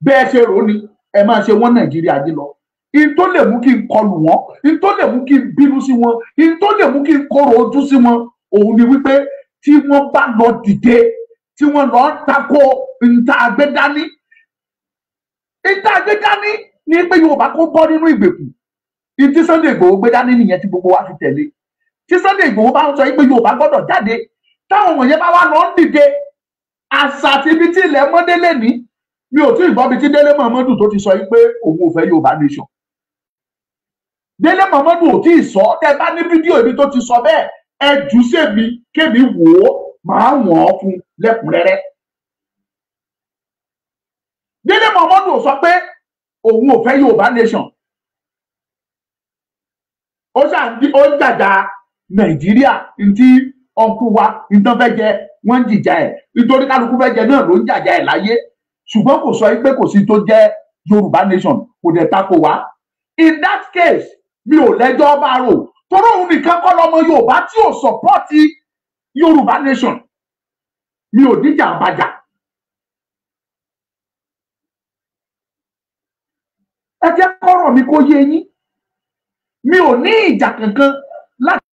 bẹ́ẹ̀ ṣe rò ó ni ẹ máa ṣe wọn nàìjíríà yìí lọ in tó lè mú kí n kọlù wọn in tó lè mú kí n bínú sí wọn in tó lè mú kí n kóró ojú sí wọn òun ni wípé tí wọn bá lọ dìde tí wọn lọ tako nta agbẹdání nta agbẹdání ni pé yorùbá kó bọ́ nínú ìgbèkùn ìtí Sunday Ìgbòho gbé dání nìyẹn tí gbogbo wa fi tẹ̀lé tí Ìgbòho bá ń sọ pé yorùbá gbọ́dọ̀ jáde táwọn wọ̀nyẹn bá wà lọ ń dìde àṣà àti ibi tí ilẹ̀ mọ́délé ní mi ò tí ì gbọ́ bí tí délé mọ̀mọ́dù tó ti sọ yìí pé òun ò fẹ́ yorùbá nation délé mọ̀mọ́dù ò tí ì sọ tẹ bá ní fídíò ibi tó ti sọ bẹ́ẹ̀ ẹ jù ú sèmi kémi wò ó màá wọ̀n ọ́ fún lẹ́kùnrẹ́rẹ́ délé mọ̀mọ́dù ò sọ pé òun ò fẹ́ yorùbá nation ó ṣàǹdí ó ń jàjà nàìjíríà ntí ọ̀nkú wa nǹkan fẹ́ jẹ wọ́n ń jìjà ẹ̀ nítorí kálukú fẹ́ jẹ náà ló ń jàjà ẹ̀ láyé ṣùgbọ́n kò sọ pé kò sí tó jẹ́ Yorùbá nation kò dẹ̀ tako wa in that case mi ò lẹ́jọ́ bá rò torí òun nìkan kọ́ lọ́mọ Yorùbá tí ò sọ́pọ́ọ̀tì Yorùbá nation mi ò díjà àbàjà. ẹ jẹ́ kọ́rọ̀ mi kó yé yín mi ò ní ìjà kankan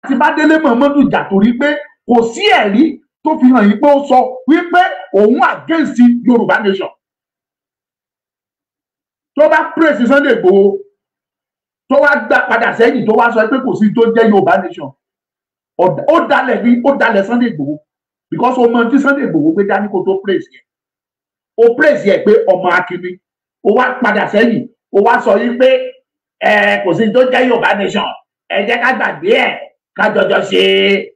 àti bádélé mọ̀mọ́dù jà torí pé kò sí ẹ̀rí tó fi hàn yín pé ó sọ wípé òun against yorùbá nation tó bá praise Sunday Igboho tó wá gbà padà sẹ́yìn tó wá sọ pé kò sí tó jẹ́ yorùbá nation ó dalẹ̀ ní ó dalẹ̀ Sunday Igboho because ọmọ tí Sunday Igboho gbé dání kó tó praise yẹn ó praise yẹn pé ọmọ akínní ó wá padà sẹ́yìn ó wá sọ yín pé kò sí tó jẹ́ yorùbá nation ẹ jẹ́ ká gbàgbé ẹ̀ kájọjọ ṣe é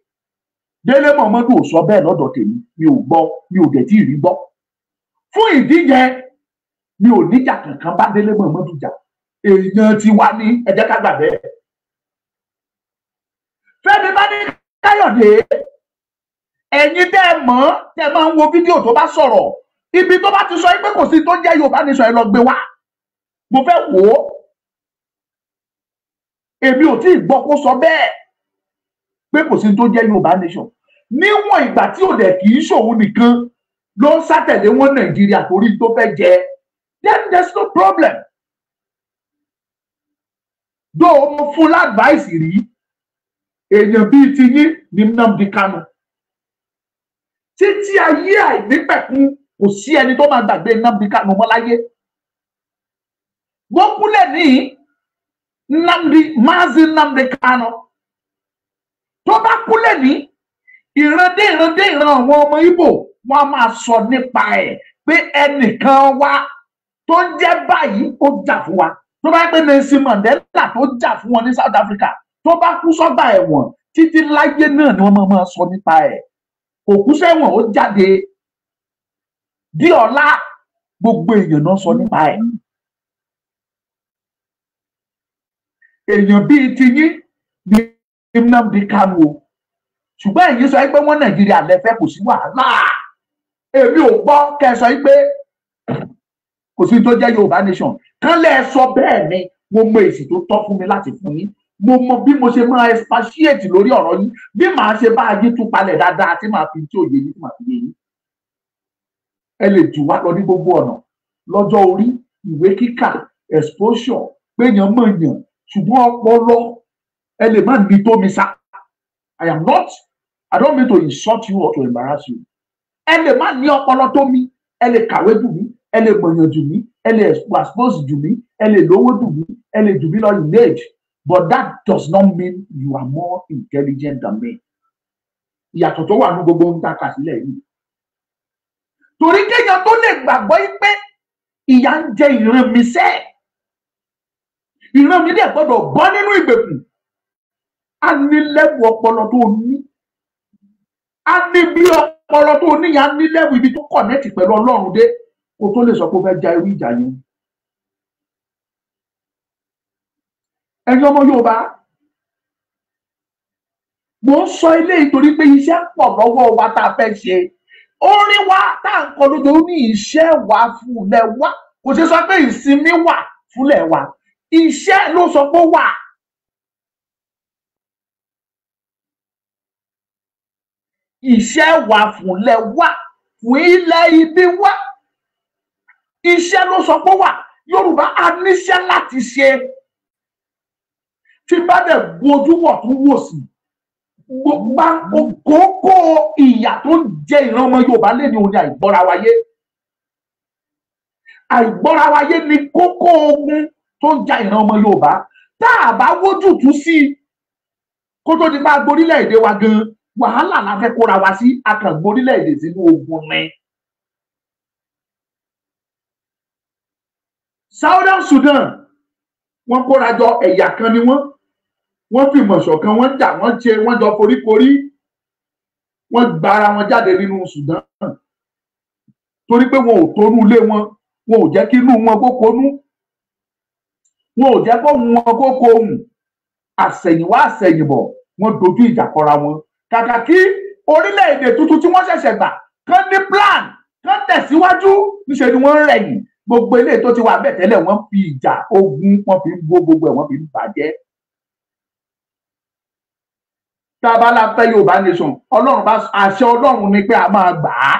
délé mọ̀mọ́dún ò sọ bẹ́ẹ̀ lọ́dọ̀ tèmi mi ò gbọ́ mi ò dẹ̀ tí ì rí gbọ́ fún ìdí yẹn mi ò níjà kankan bá délé mọ̀mọ́dún jà èèyàn ti wá ní ẹ̀jẹ̀ ká gbà bẹ́ẹ̀ fẹ́mi bá ní káyọ̀dé ẹ̀yin tẹ́ ẹ mọ̀ tẹ́ máa ń wo fídíò tó bá sọ̀rọ̀ ibi tó bá ti sọ pé kò sí tó jẹ́ yorùbá nation ẹ lọ gbé wá mo fẹ́ wò ó èmi ò tí ì gbọ́ kó sọ bẹ́ẹ̀ pé kò sí tó jẹ́ yorùbá nation níwọ̀n ìgbà tí ò dẹ̀ kì í ṣòwò nìkan ló ń sátẹ̀lé wọn nàìjíríà torí tó fẹ́ jẹ then there's no problem dó o mo fún ládùváìsì rí èèyàn bíi ti yín ní Nnamdi Kanu títí ayé àìnípẹ̀kun kò sí ẹni tó máa gbàgbé Nnamdi Kanu mọ́ láyé wọ́n kúnlẹ̀ ní Nnamdi Mazi Nnamdi Kanu tó bá kú lẹ́ni ìrandé ìrandé ìran àwọn ọmọ Ìgbò wọn a máa sọ nípa ẹ̀ pé ẹnìkan wa tó ń jẹ́ báyìí ó jà fún wa tó bá pé Nelson Mandela tó jà fún wọn ní South Africa tó bá kú sọ́gbà ẹ̀wọ̀n títí láyé náà ni wọ́n máa sọ nípa ẹ̀ kò kú sẹ́wọ̀n ó jáde bí ọlá gbogbo èèyàn náà sọ nípa ẹ̀ èèyàn bíi tiyín Nnamdi Kanu ṣùgbọ́n èyí sọ pé wọ́n Nàìjíríà lẹ́fẹ́ kò sí wàhálà èmi ò gbọ́ kẹ́ pé kò sí tó jẹ́ Yorùbá nation kán sọ bẹ́ẹ̀ ni mo mọ èsì tó tọ́ fún mi láti fún yín mo mọ bí mo ṣe máa expatiate lórí ọ̀rọ̀ yín bí màá ṣe bá ayé tún palẹ̀ dáadáa tí màá fi tí òye yín tí màá fi yé yín ẹ lè jù wá lọ ní gbogbo ọ̀nà lọ́jọ́ orí ìwé kíkà exposure péyàn mọ̀yàn ṣùgbọ́n ọpọlọ ẹ lè má ní tó mi i am not i don't mean to insult you or to embarrass you ẹ lè má ní ọpọlọ tó mi ẹ lè kàwé jù mí ẹ lè gbọ̀yàn jù mí ẹ lè expose jù mí ẹ lè lówó jù mí ẹ lè mí lọ in age but that does not mean you are more intelligent than me ìyàtọ̀ tó wà ní gbogbo ń ta kàsílẹ̀ yìí torí kéèyàn tó lè gbàgbọ́ yìí pé ìyà ń jẹ ìran mi sẹ́ẹ̀ ìran mi dẹ̀ gbọ́dọ̀ bọ́ nínú ìgbèkùn a ní lẹ́bù ọpọlọ tó ní a ní bí ọpọlọ tó ní yẹn á ní lẹ́bù ibi tó kọ̀nẹ́tì pẹ̀lú ọlọ́run dé kó tó lè sọ pé ó fẹ́ ja irú ìjà yẹn. ẹ̀yin ọmọ Yorùbá mo ń sọ ilé ìtorí pé iṣẹ́ pọ̀ lọ́wọ́ wa tá a fẹ́ ṣe orin wa tá à ń kọ lójó ní iṣẹ́ wa fúnlẹ̀ wa kò ṣe sọ pé ìsinmi wà fúnlẹ̀ wa iṣẹ́ ló sọ pé wà iṣẹ́ wà fúnlẹ̀ wà fún ilẹ̀ ibi wà iṣẹ́ ló sọ pé wà Yorùbá a níṣẹ́ láti ṣe tí bá dẹ̀ gbojú wọ̀ tó wò sí gbogbo ògógó ìyà tó ń jẹ ìran ọmọ Yorùbá lé ní orí àìgbọ́ra wáyé àìgbọ́ra wáyé ni kókó ogun tó ń ja ìran ọmọ Yorùbá tá a bá wójútùú sí i kó tó di pa gborílẹ̀ èdè wa gan-an wàhálà la fẹ́ kóra wa sí akàngbó orílẹ̀-èdè sínú ogun ni. Southern Sudan wọ́n kóra jọ ẹ̀yà kan ni wọ́n wọ́n fìmọ̀ ṣọ̀kan wọ́n jà wọ́n ṣe wọ́n jọ foríkorí wọ́n gbara wọn jáde nínú Sudan torí pé wọn ò tónú ilé wọn wọn ò jẹ́ kí inú wọn kó konú wọn ò jẹ́ kó wọn kó kohùn àṣẹ̀yìnwá àṣẹ̀yìnbọ̀ wọ́n dojú ìjà kọra wọn kàkà kí orílẹ̀-èdè tuntun tí wọ́n ṣẹ̀ṣẹ̀ gbà kán ní plan kán tẹ̀síwájú níṣẹ́ ni wọ́n ń rẹ̀yìn gbogbo ilé tó ti wà bẹ́ẹ̀ tẹ́lẹ̀ wọ́n fi ìjà ogun wọ́n fi ń gbó gbogbo ẹ̀ wọ́n fi ń bàjẹ́. tábàlà fẹ́ yorùbá nation ọlọ́run bá àṣẹ ọlọ́run ni pé a máa gbà á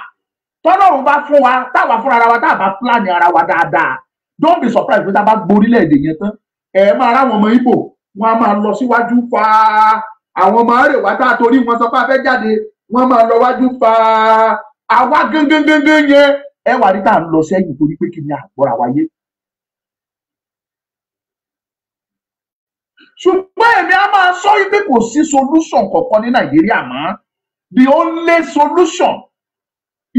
tọ́lọ́run bá fún wa táwa fúnra ara wa tá a bá plan ara wa dáadáa don't be surprised pé tá a bá gborílẹ̀ èdè yẹn tán ẹ̀ máa ráwọn ọmọ ibo wọn a máa lọ síwájú fáá àwọn ọmọ rẹ̀ wá tá a torí wọn sọ pé a fẹ́ jáde wọ́n máa lọ wájú fa àwa gangan yẹn ẹ wà ní tá à ń lọ sẹ́yìn torí pé kí ni àgbọ̀rà wáyé. ṣùgbọ́n èmi á máa sọ wípé kò sí solution kankan ní nàìjíríà mọ́ the only solution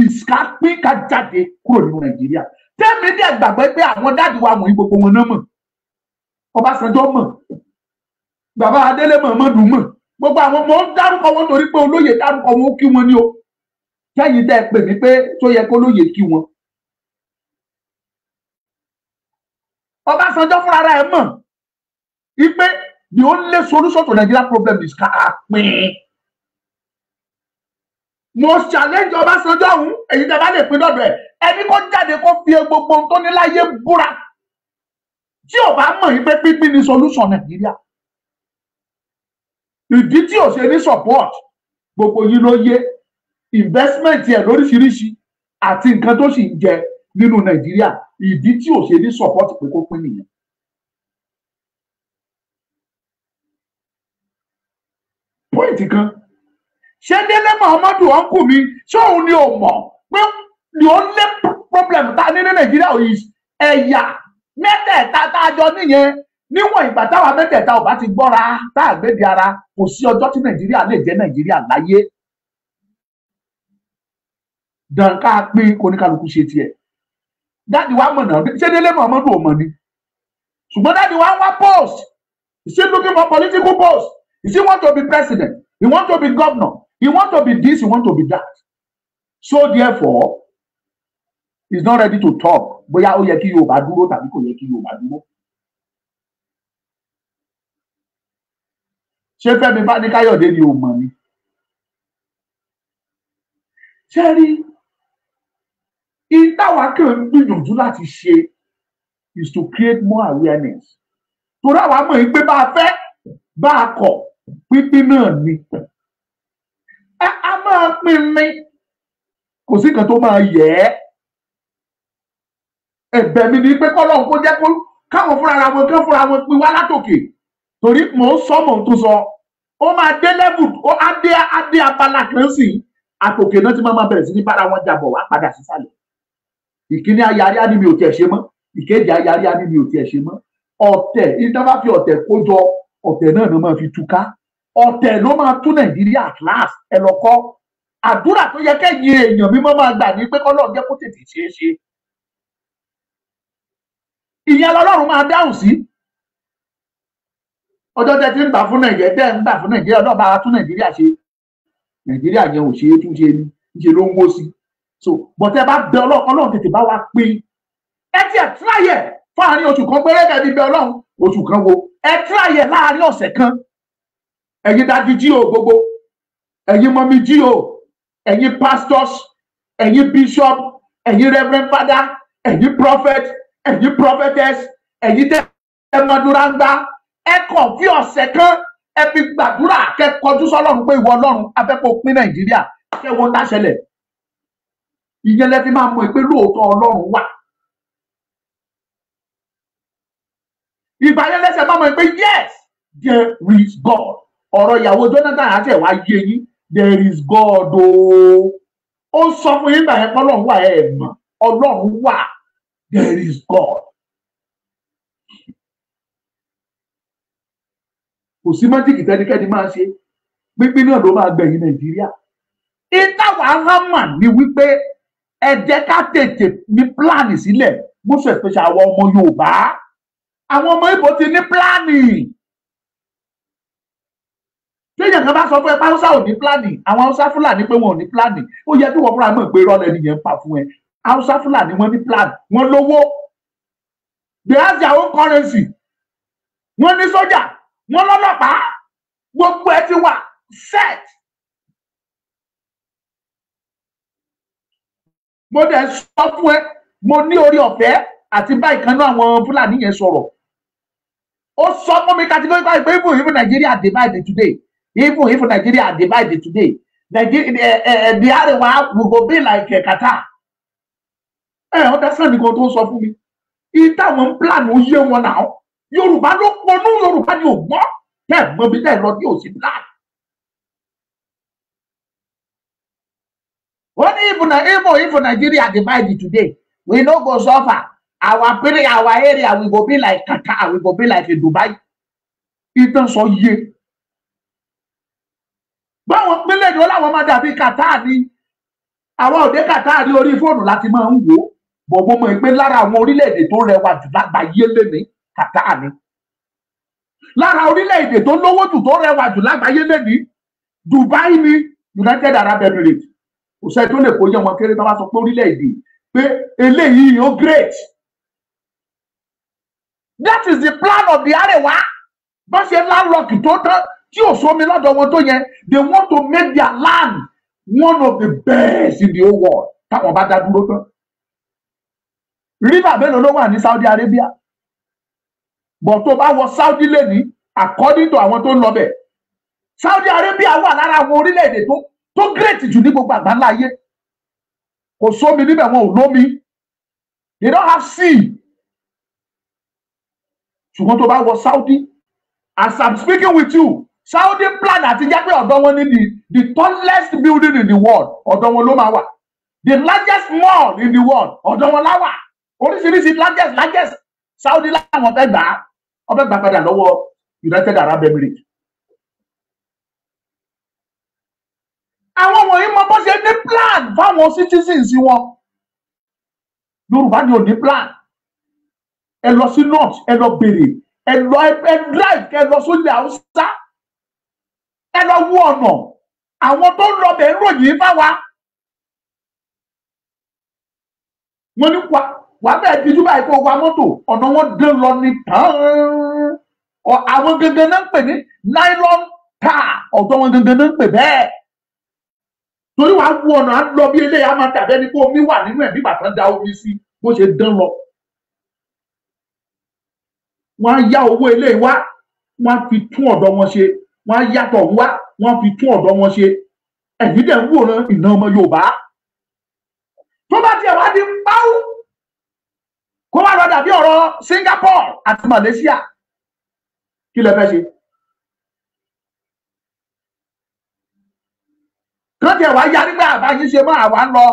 is ká pín ká jáde kúrò nínú nàìjíríà tẹ́mi dẹ̀ gbàgbé pé àwọn dáàdì wa wọ̀nyí gbogbo wọn náà mọ̀ Ọbásanjọ́ mọ̀ bàbá Adélé mọ̀ mọ́dún mọ̀ gbogbo àwọn ọmọ dárúkọ wọn torí pé olóyè dárúkọ wọn ó kí wọn ni o kẹyìn tẹ pè mí pé tó yẹ kó lóyè kí wọn. Ọbásanjọ́ fúnra rẹ̀ mọ̀ wípé the only solution to Nigeria problem is ká a pín. mo challenge Ọbásanjọ́ ọ̀hún èyí tẹ́ bá lè pín dọ̀dọ̀ ẹ̀ ẹni kó jáde kó fi gbogbo ohun tó ní láyé búra tí ò bá mọ̀ yìí pé pínpín ni solution Nàìjíríà ìdí tí ò ṣe ní support gbogbo yín ló yé investment ẹ̀ lóríṣiríṣi àti nǹkan tó sì ń jẹ nínú nàìjíríà ìdí tí ò ṣe ní support pé kó pín nìyẹn. pọ́ìntì kan ṣé délé muhammadu ọkù mi ṣé òun ni ò mọ̀ pé the only problem ta ní ní nàìjíríà is ẹ̀yà mẹ́tẹ̀ẹ̀ta tá a jọ nìyẹn níwọ̀n ìgbà táwa mẹ́tẹ̀ẹ̀ta ò bá ti gbọ́ra tá a gbéde ara kò sí ọjọ́ tí nàìjíríà lè jẹ́ nàìjíríà láyé dànká pín oníkálukú ṣe tiẹ̀ dáàdi wa mọ̀nà ṣé délé mọ̀mọ́dù ò mọ̀ ni ṣùgbọ́n dáàdi wa ń wá post you looking for political post you still want to be president he want to be governor he want to be this he want to be that so therefore he is not ready to talk bóyá ó yẹ kí Yorùbá dúró tàbí kò yẹ kí Yorùbá dúró ṣé Fẹ́mi Fani-Káyọ̀dé ni ò mọ̀ ni ṣé rí ìtawà kan gbìyànjú láti ṣe is to create more awareness torí àwa mọ̀ yín pé bá a fẹ́ bá a kọ̀ pínpín náà ni a máa pín ní kò sí nǹkan tó máa yẹ ẹ́ ẹ̀bẹ̀ mi ni pé kọ́lọ́hún kó jẹ́ kó káwọn fúnra wọn kán fúnra wọn pín wá látòkè torí mò ń sọ mò ń tún sọ ó máa dé level ó á dé á dé abala kan sí àtòkè náà tí máa bẹ̀rẹ̀ sí ní bára wọn jàbọ̀ wá padà sísàlẹ̀ ìkíní ayarí á ní mi ò tiẹ̀ ṣe mọ́ ìkejì ayarí á ní mi ò tiẹ̀ ṣe mọ́ ọ̀tẹ̀ ìdábà fi ọ̀tẹ̀ kó jọ ọ̀tẹ̀ náà ló máa fi túká ọ̀tẹ̀ ló máa tún nàìjíríà class ẹ lọ kọ́ àdúrà tó yẹ kẹ́yìn èèyàn mímọ́ máa gbà ní pé kọ́lọ́ọ̀ jẹ́ kó tètè ṣeé ṣe ìyẹn lọ́lọ́run máa dáhùn sí ọjọ́ tẹ́ ti ń gbà fún nàìjíríà tẹ́ ń gbà fún nàìjíríà ọdọ́ bá tún nàìjíríà ṣe nàìjíríà yẹn ò ṣe é tún ṣe ní ṣe ló ń wó sí so bọ̀tẹ́ bá bẹ ọlọ́run tètè bá wa pé ẹ tiẹ̀ tíráyẹ̀ fún àárín oṣù kan péré kẹ́ẹ̀ bí bẹ ọlọ́run oṣù kan wo ẹ tíráyẹ̀ láàárín ọ̀sẹ̀ kan ẹ̀yin dájú jí o gbogbo ẹ̀yin mọ́mí jí o ẹ̀yin pastors ẹ̀yin bishop ẹ̀yin reverend father ẹ̀yin prophet ẹ̀yin prophetess ẹ̀yin tẹ́ ẹ mọdúrà ń gbá ẹ kàn fi ọ̀sẹ̀ kan ẹ fi gbàdúrà kẹ kọjú sọ́lọ́run pé ìwọ Ọlọ́run afẹ́kọ̀ pín Nàìjíríà kẹ wọ́n dáṣẹlẹ̀ ìyẹn lẹ fi máa mọ̀ pé lóòótọ́ Ọlọ́run wà. ìbáyé lẹ́sẹ̀ máa mọ̀ pé yes there is God ọ̀rọ̀ ìyàwó Jonathan àti ẹ̀wá yé yín there is God ooo ó sọ fún yín báyẹn pé Ọlọ́run wà ẹ̀ mọ̀ Ọlọ́run wà there is God kò sí májìkì tẹ́nikẹ́ni máa ṣe pínpín náà ló máa gbẹ̀yìn nàìjíríà ìtawà alámà ni wípé ẹ jẹ́ ká tètè ní pílánì sílẹ̀ most especially àwọn ọmọ yorùbá àwọn ọmọ ibo ti ní pílánì téèyàn kan bá sọ fún ẹ pé haúsá ò ní pílánì àwọn haúsá fúlàní pé wọn ò ní pílánì ó yẹ kí wọn fúnra mọ̀ pé rọlẹ nìyẹn pa fún ẹ haúsá fúlàní wọn ní pílánì wọn lówó they have their own currency wọn ní sójà wọn lọ́lọ́pàá gbogbo ẹ ti wà set mo dẹ̀ sọ fún ẹ mo ní orí ọ̀fẹ́ àti bá ìkànnà àwọn fúlàní yẹn sọ̀rọ̀ ó sọ fún mi categorically pé even if Nigeria dey by the today even if Nigeria dey by the today Nigeria the eh, eh, eh, Arewa we go be like Qatar ẹ ọ̀dà sàn nìkan tó sọ fún mi ìtàwọn plan ó yé wọn náà yorùbá ló pọnú yorùbá ni ò gbọ́ bẹ́ẹ̀ mọ bí bẹ́ẹ̀ lọ ní òsì black. wọ́n ní ìbùnà ìbò ìbò nàìjíríà divide today we no go suffer our pere our area we go be like Qatar we go be like Dubai ìtàn sọ yé báwọn pínlẹ̀ èdè ọláwọ̀n máa dàbí Qatar ni àwọn òde Qatar ní orí fóònù láti máa ń wò ó bọ̀ mo mọ̀ pé lára àwọn orílẹ̀-èdè tó rẹwà jù lágbàáyé lénìí kàtá ni lára orílẹ̀-èdè tó lówó jù tó rẹwà jù lágbàáyé lẹ́ni Dubai ni United Arab Emirates kò sẹ́ni tó lè kó yẹ wọn kéré tó bá sọ pé orílẹ̀-èdè pé eléyìí ó great that is the plan of the Arewa bó ṣe landlocked, tó tán tí ò sómi lọ́dọ̀ wọn tó yẹn they want to make their land one of the best in the whole world táwọn bá dá dúró tán river mélòó ló wà ní Saudi Arabia bọ̀ tó bá wọ Saudi lẹ́ni according to àwọn tó ń lọ bẹ̀ Saudi Arabia wà lára àwọn orílẹ̀-èdè tó tó great jù ní gbogbo àgbáńlá ayé kò sómi níbẹ̀ wọn ò lómi they don't have sea ṣùgbọ́n tó bá wọ Saudi as I'm speaking with you Saudi plan àti jẹ́ pé ọ̀dọ̀ wọn ní the the tallest building in the world ọ̀dọ̀ wọn ló máa wà the largest mall in the world ọ̀dọ̀ wọn láwà oríṣiríṣi largest largest Saudi láwọn fẹ́ gbà á wọ́n fẹ́ gbà padà lọ́wọ́ United Arab Emirates. àwọn wọ̀nyí mọ bó ṣe ní plan fáwọn citizens wọn Yorùbá ni ò ní plan ẹ lọ sí north ẹ lọ béèrè ẹ lọ ẹ drive ẹ lọ sóde Haúsá ẹ lọ wú ọ̀nà àwọn tó ń lọ bẹ̀ ń ròyìn bá wa ní wa wàá bẹ́ẹ̀ dijú báyìí kó wa mọ́tò ọ̀nà wọn dán lọ ní tán àwọn gangan náà ń pè ní nylon tar ọ̀dọ́ wọn gangan náà ń pè bẹ́ẹ̀ torí wàá wú ọ̀nà lọ bí eléyà máa tàbí ẹni pé omi wà nínú ẹ̀ bí bàtà da omi sí bó ṣe dán lọ wọn á yá owó eléyìí wá wọn á fi tún ọ̀dọ́ wọn ṣe wọn á yàtọ̀ wá wọn á fi tún ọ̀dọ́ wọn ṣe ẹ̀yìn dẹ̀ ń wòran ìná ọmọ Yorùbá dàbí ọ̀rọ̀ Singapore àti Malaysia kí lẹ fẹ́ ṣe. kọ́ńtì ẹ̀wá yá nígbà àbá yín ṣe mọ́ àwa ń lọ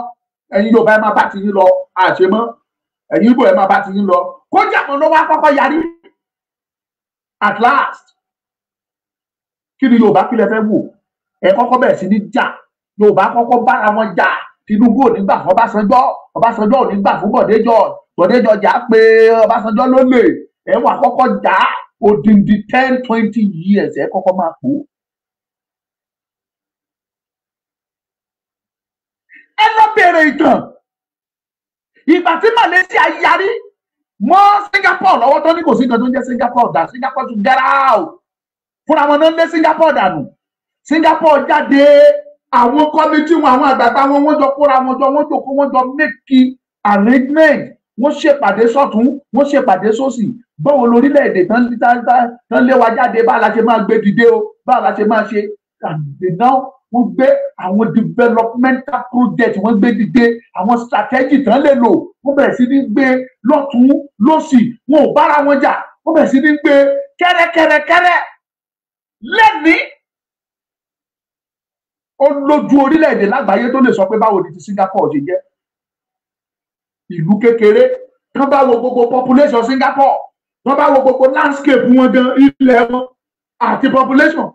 ẹ̀yin Yorùbá ẹ̀ máa bá ti yín lọ àṣemọ́ ẹ̀yin Ìgbò ẹ̀ máa bá ti yín lọ kó jàpọ̀ lọ́wọ́ akọ́kọ́ yarí at last kí ni Yorùbá kí lẹ fẹ́ wò ẹ kọ́kọ́ bẹ̀rẹ̀ sí ní jà Yorùbá kọ́kọ́ bára wọn jà Tinubu ò ní gbà fún Ọbásanjọ́ Ọbásanjọ́ ò ní gbà fún Bọ̀dé George Bọ̀déjọjà pé Ọbásanjọ́ ló lè ẹ wà kọ́kọ́ jà odindi ten twenty years ẹ kọ́kọ́ máa pò. ẹ lọ bẹ̀rẹ̀ ìtàn ìgbà tí Malaysia yarí mọ́ Singapore lọ́wọ́ tó ní kò sí nǹkan tó ń jẹ́ Singapore dà Singapore tún get out fúnra wọn náà ń lé Singapore dànù Singapore jáde àwọn kọ́mítì wọn àwọn àgbààgbà wọn wọ́n jọ kóra wọn jọ wọ́n jòkó wọ́n jọ make arrangement wọ́n ṣèpàdé sọ́tún wọ́n ṣèpàdé sósì báwo lórílẹ̀‐èdè tán lé wa jáde bá a la ṣe máa gbé dìde o bá a la ṣe máa ṣe àdènà wọ́n gbé àwọn developmental project wọ́n gbé dìde àwọn strategy tán lè lò wọ́n bẹ̀rẹ̀ sí ní gbé lọ́tún lọ́sì wọn ò bára wọn jà wọ́n bẹ̀rẹ̀ sí ní gbé kẹ́rẹ́kẹ́rẹ́kẹ́rẹ́ lẹ́nìí ó lójú orílẹ̀-èdè lágbàáyé tó lè sọ pé báwo ni ti Singapore ṣe jẹ́ ìlú kékeré tán bá wo gbogbo population Singapore tán bá wo gbogbo landscape wọn gan ilẹ̀ wọn àti population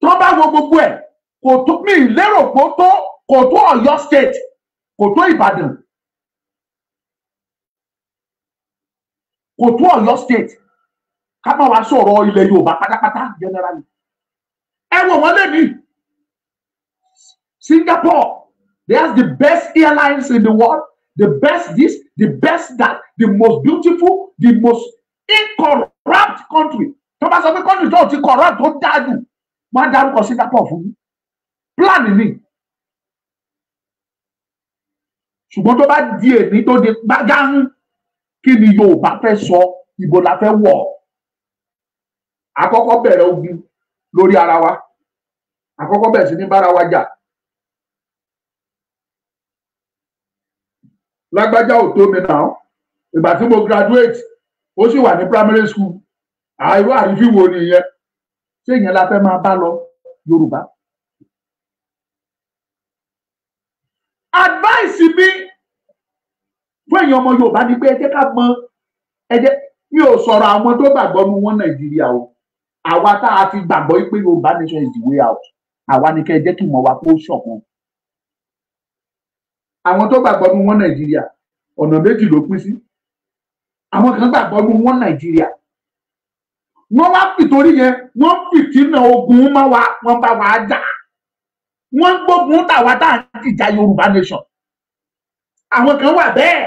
tán bá wo gbogbo ẹ̀ kò tó mi lérò kó tó kò tó Ọ̀yọ́ state kò tó Ìbàdàn kò tó Ọ̀yọ́ state ká má wá sọ̀rọ̀ ilẹ̀ Yorùbá pátápátá generally ẹ wò wọ́n lẹbi Singapore they has the best airlines in the world the best this, the best that, the most beautiful, the most incorrupt country. Thomas bá sọ pé country don't ti corrupt tó dájú, wọ́n á dárúkọ Singapore fún mi. Plan ni. Ṣùgbọ́n tó bá di èmi tó di gbágán, kí ni Yorùbá fẹ́ sọ, ìbò la fẹ́ wọ̀. Àkọ́kọ́ bẹ̀rẹ̀ ogun lórí ara wa. Àkọ́kọ́ bẹ̀rẹ̀ sí ní bára wa jà. lágbájá ò tó mi náà ìgbà tí mo graduate ó sì wà ní primary school àìró àrífí wo nìyẹn ṣé ìyẹn la fẹ́ máa bá lọ Yorùbá. advice mi fún èèyàn ọmọ Yorùbá ni pé ẹ jẹ́ ká mọ ẹ jẹ́ mi ò sọ̀rọ̀ àwọn tó gbàgbọ́ nu wọn Nàìjíríà o àwa tá a ti gbàgbọ́ pé Yorùbá nation is the way out àwa ni kẹ́ ẹ jẹ́ kí ìmọ̀ wa kó ṣọ̀kan àwọn tó gbàgbọ́ nu wọn nàìjíríà ọ̀nà méjì ló pín sí àwọn kan gbàgbọ́ nu wọn nàìjíríà wọ́n wá fìtorí yẹn wọ́n fìtínà ogun máa wá wọ́n bá wá jà wọ́n gbógun tàwa tá à ń dìjà yorùbá nation àwọn kan wà bẹ́ẹ̀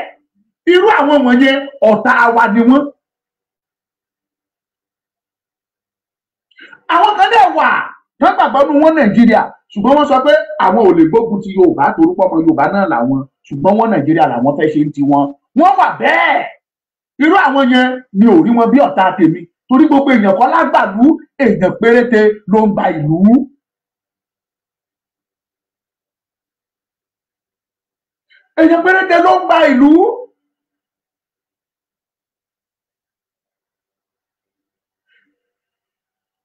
irú àwọn wọ̀nyẹn ọ̀tá wa ni wọ́n. àwọn kan dẹ̀ wà wọ́n gbàgbọ́ nu wọn nàìjíríà ṣùgbọ́n wọ́n sọ pé àwọn ò lè gbógun ti yorùbá torúkọ ọmọ yorùbá náà làwọn ṣùgbọ́n wọn nàìjíríà làwọn fẹ́ ṣe ń ti wọn wọ́n wà bẹ́ẹ̀ irú àwọn yẹn mi ò rí wọn bí ọ̀tá tèmi torí gbogbo èèyàn kọ́ lágbàlú èèyàn péréte ló ń ba ìlú. èèyàn péréte ló ń ba ìlú.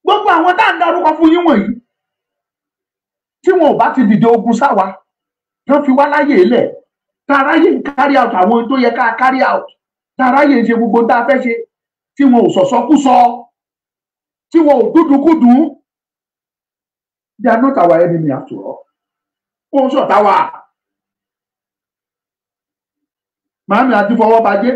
gbogbo àwọn tá à ń darúkọ fún yín wọ̀nyí tí wọn ò bá ti dìde ogun sáwa tó fi wá láyè lẹ̀ tàráyè ń carry out àwọn tó yẹ ká carry out tàráyè ń ṣe gbogbo tá a fẹ́ ṣe tí wọn ò sọ̀sọ́kúsọ tí wọn ò dúdúkúdú they are not our enemy after all ó ń ṣọ̀tá wa màámi àti fọwọ́bajé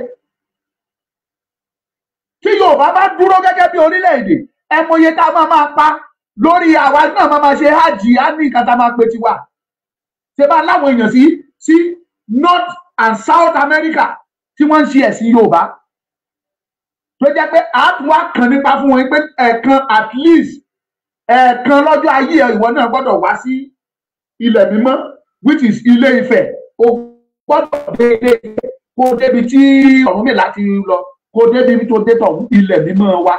tí Yorùbá bá dúró gẹ́gẹ́ bí orílẹ̀-èdè ẹ mọye tá a máa máa pa lórí àwa náà máa máa ṣe hajj á ní nǹkan tá a máa pe tiwa ṣe bá láwọn èèyàn sí sí north and south america tí wọ́n ń ṣe ẹ̀sìn yorùbá tó jẹ́ pé a tún wá kàn nípa fún wọn pé ẹ̀ẹ̀kan at least ẹ̀ẹ̀kan lọ́jọ́ ayé ìwọ náà gbọ́dọ̀ wá sí ilẹ̀ mímọ́ which is ilé ifẹ̀ o gbọ́dọ̀ dédé kó débi tí ọ̀run mi láti lọ kó débi tó dé tọ̀hún ilẹ̀ mímọ́ wa